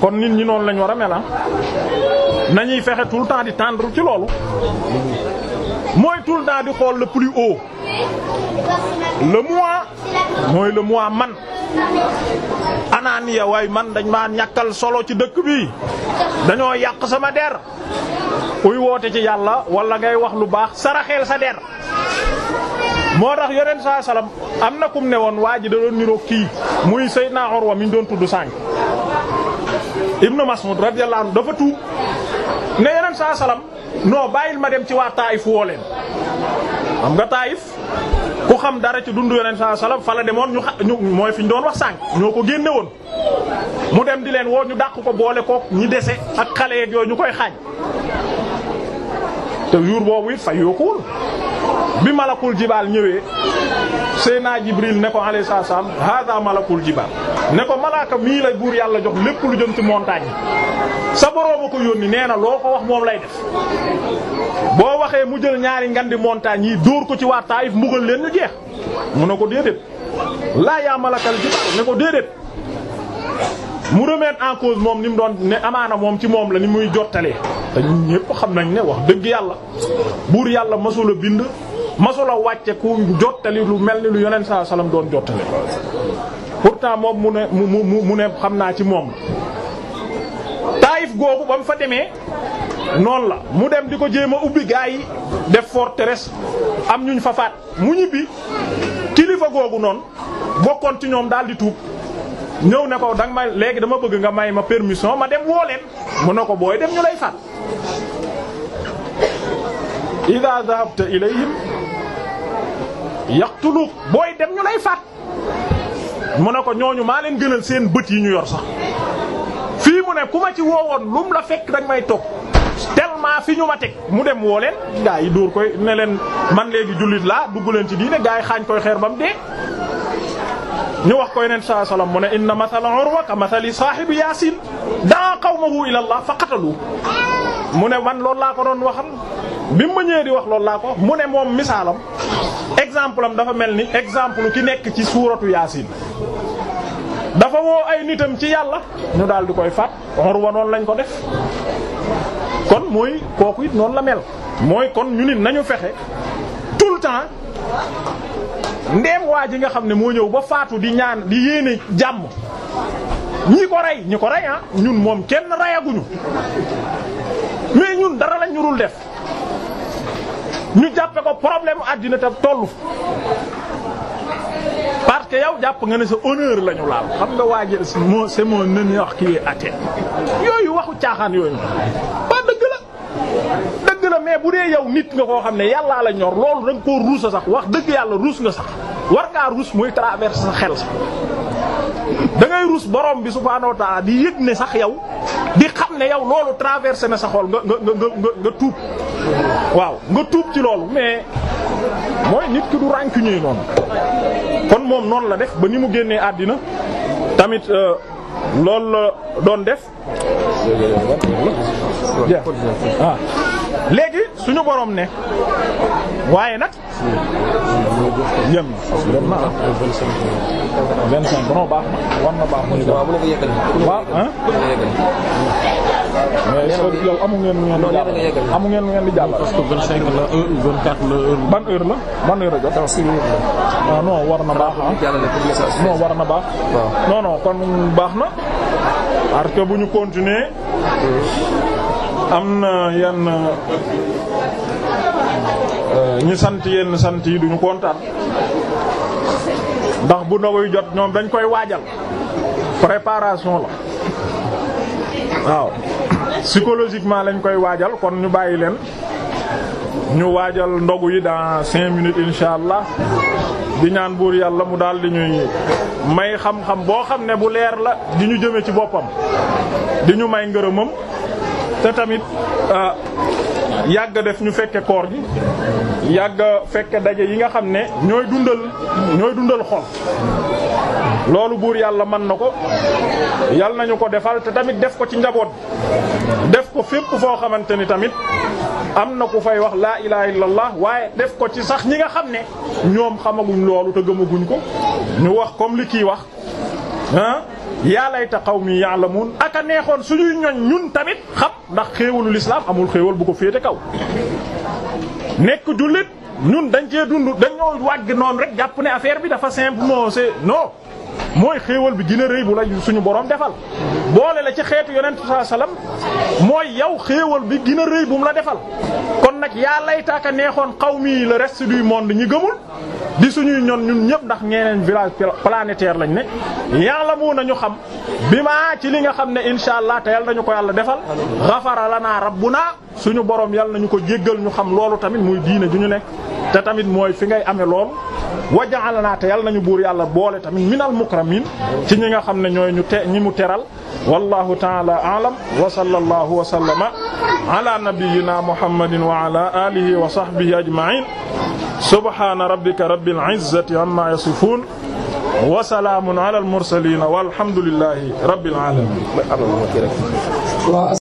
kon nit ñi noonu lañu war a mel ah. nañuy fexe tout temps di tendre ci loolu mooy tout le temps di xool le plus haut le moi mooy le man anaaniya waay man dañ maa ñàkkal solo ci dëkk bi dañoo yàq sama der uy woote ci yàlla walla ngay wax lu baax saraxeel sa der moo tax yonent saa salaam am na kum ne woon waa ji da doon niroog kii muy Seydina Urwa mi ñu doon tudd sànq Ibnu Mas'ud radiyallahu dafa tuub ne yonent saa salaam non bàyyil ma dem ci waa Taayif woo leen xam nga Taayif ku xam dara ci dundu yonent saa salaam fa demoon ñu xa ñu mooy fi doon wax sànq ñoo ko génne woon. mu dem di leen woo ñu dàq ko boole kook ñi dese ak xale yeeg yooyu ñu koy xaaj te jour boobu it fa yokkuwul bi malakul jibaal ñëwee Seyna Jibril ne ko alayhi salaam hada malakul jibaal ne ko malaaka mii la buur yàlla jox lépp lu jëm ci montagne sa borooma ko yónni nee na loo ko wax moom lay def boo waxee mu jël ñaari ngandi montagne yi dóor ko ci waa Taayif mbugal leen ñu jeex mu ne ko déedéet laa yaa malakal jibaal ne ko déedéet mu remettre en cause moom ni mu doon ne amaana moom ci moom la ni muy jottalee te ñun ñëpp xam nañ ne wax dëgg yàlla buur yàlla masula bind masula wàcce ku jottali lu mel ni lu yonent saa salaam doon jottale pourtant moom mu ne mu mu mu ne xam naa ci moom la. taayif googu ba mu fa demee noonu la mu dem di ko jéem a ubbi gaa yi def forteresse am ñuñ ñu fa mu ñibbi kilifa googu noonu bokkoon ci ñoom daal di tuub. ñëw ne ko danga ma léegi dama bëgg nga may ma permission ma dem woo leen mu ne ko booy dem ñu lay faat ida dahabta ilayhim yaqtuluk booy dem ñu lay faat mu ne ko ñooñu maa leen gënal seen bët yi ñu yor sax fii mu ne ku ma ci woowoon lum la fekk danga may toog tellement fi ñu ma teg mu dem woo leen gaa yi dóor koy ne leen man léegi jullit laa dugg leen ci diine gaa yi xaañ koy xeer ba mu dee ñu wax ko yeneen saa salaam mu ne inna mathala urwa ka mathali saahibi yaasin daa qawmahu ila allah fa qatalu mu ne man loolu laa ko doon waxal bi mu ma ñëwee di wax loolu laa ko mu ne moom misaalam exemple am dafa mel ni exemple ki nekk ci suuratu yaasin dafa woo ay nitam ci yàlla ñu daal di koy faat urwa noonu lañ ko def kon mooy kooku it noonu la mel mooy kon ñu nit nañu fexe tout le temps ndeem waa ji nga xam ne moo ñëw ba faatu di ñaan di yéene jàmm ñii ko rey ñi ko rey ah ñun moom kenn reyaguñu mais ñun dara lañ ñurul def ñu jàppe ko problème àddina te tollu parce que yow jàpp nga ne sa honneur la ñu laal xam nga waa ji c'est mon ennemi wax kii athée yooyu waxu caaxaan yooyu dëgg la mais bu dee yow nit nga koo xam ne yàllaa la ñor loolu da nga koo ruusa sax wax dëgg yàlla ruus nga sax war ruus muy traverse sa xel sax da ngay ruus borom bi subhaanahu wa ta'ala di yëg ne sax yow di xam ne yow loolu traversé na sa xol nga nga nga nga nga tuub waaw nga tuub ci loolu mais mooy nit ki du rancunier noonu kon moom noonu la def ba ni mu génnee àddina tamit euh, loolu la doon def Ah. léegi suñu borom ne waaye nag yem dem na ah. vingt cinq non baax na war na baax na. waaw ah? mais est-ce que yow amu ngeen lu ngeen di jàllale amu ngeen lu di jàllale. parce que vingt cinq la heure vingt quatre la heure. ban war na baax ah. non war na baax. Ah. non kon baax na. parce que bu ñu continuer am na yenn euh, ñi sant yenn sant yi duñu kontaan ndax bu ndoguy jot ñoom dañ koy waajal préparation la waaw psychologiquement lañ koy waajal kon ñu bàyyi leen ñu waajal ndogu yi dans cinq minutes insha allah di ñaan buur yàlla mu daal di ñuy may xam-xam boo xam ne bu leer la di ñu jëme ci boppam di ñu may ngërëmam te tamit euh, yàgg def ñu fekke koor gi yàgg fekke daje yi nga xam ne ñooy dundal ñooy dundal xol loolu buur yàlla mën na ko yàlla nañu ko defal te tamit def ko ci njaboot def ko fépp foo xamante ni tamit am na ku fay wax laa ilaha illallah waaye def ko ci sax ñi nga xam ne ñoom xamaguñ loolu te gëmaguñ ko ñu wax comme li kii wax ah yaa layta yàlla mun ak a neexoon suñuy ñoñ ñun tamit xam ndax xéewalul islam amul xéewal bu ko féete kaw nekk jullit ñun dañ cee dund dañoo wàgg noonu rek jàpp ne affaire bi dafa seen non c'est non mooy xéewal bi gën a rëy bu la suñu borom defal boole la ci xeetu yonent saa mooy yow xéewal bi gën a rëy bu mu la defal kon nag yaa laytaaka neexoon qawmi le reste du monde ñi gëmul di suñuy ñoon ñun ñëpp ndax ñeneen village planétaire lañ ne la na ñu xam bi ma ci li nga xam ne insha allah te yal nañu ko yàlla defal naa rab bu naa suñu borom yal nañu ko jéggal ñu xam loolu tamit muy diine ju ñu nekk te tamit mooy fi ngay amee loolu waja'alna te yàlla boole tamit mukramin ci ñi nga xam ne ñooy ñu te ñi mu teral wallahu taala aalam wa sallallahu wa sallama ala nabiyyina muhammadin wa ala alihi wa sahbihi ajma'in subhana rabbika rabbil izzati amma yasifun wa salaamun ala al mursalin walhamdulillahi rabbil alamin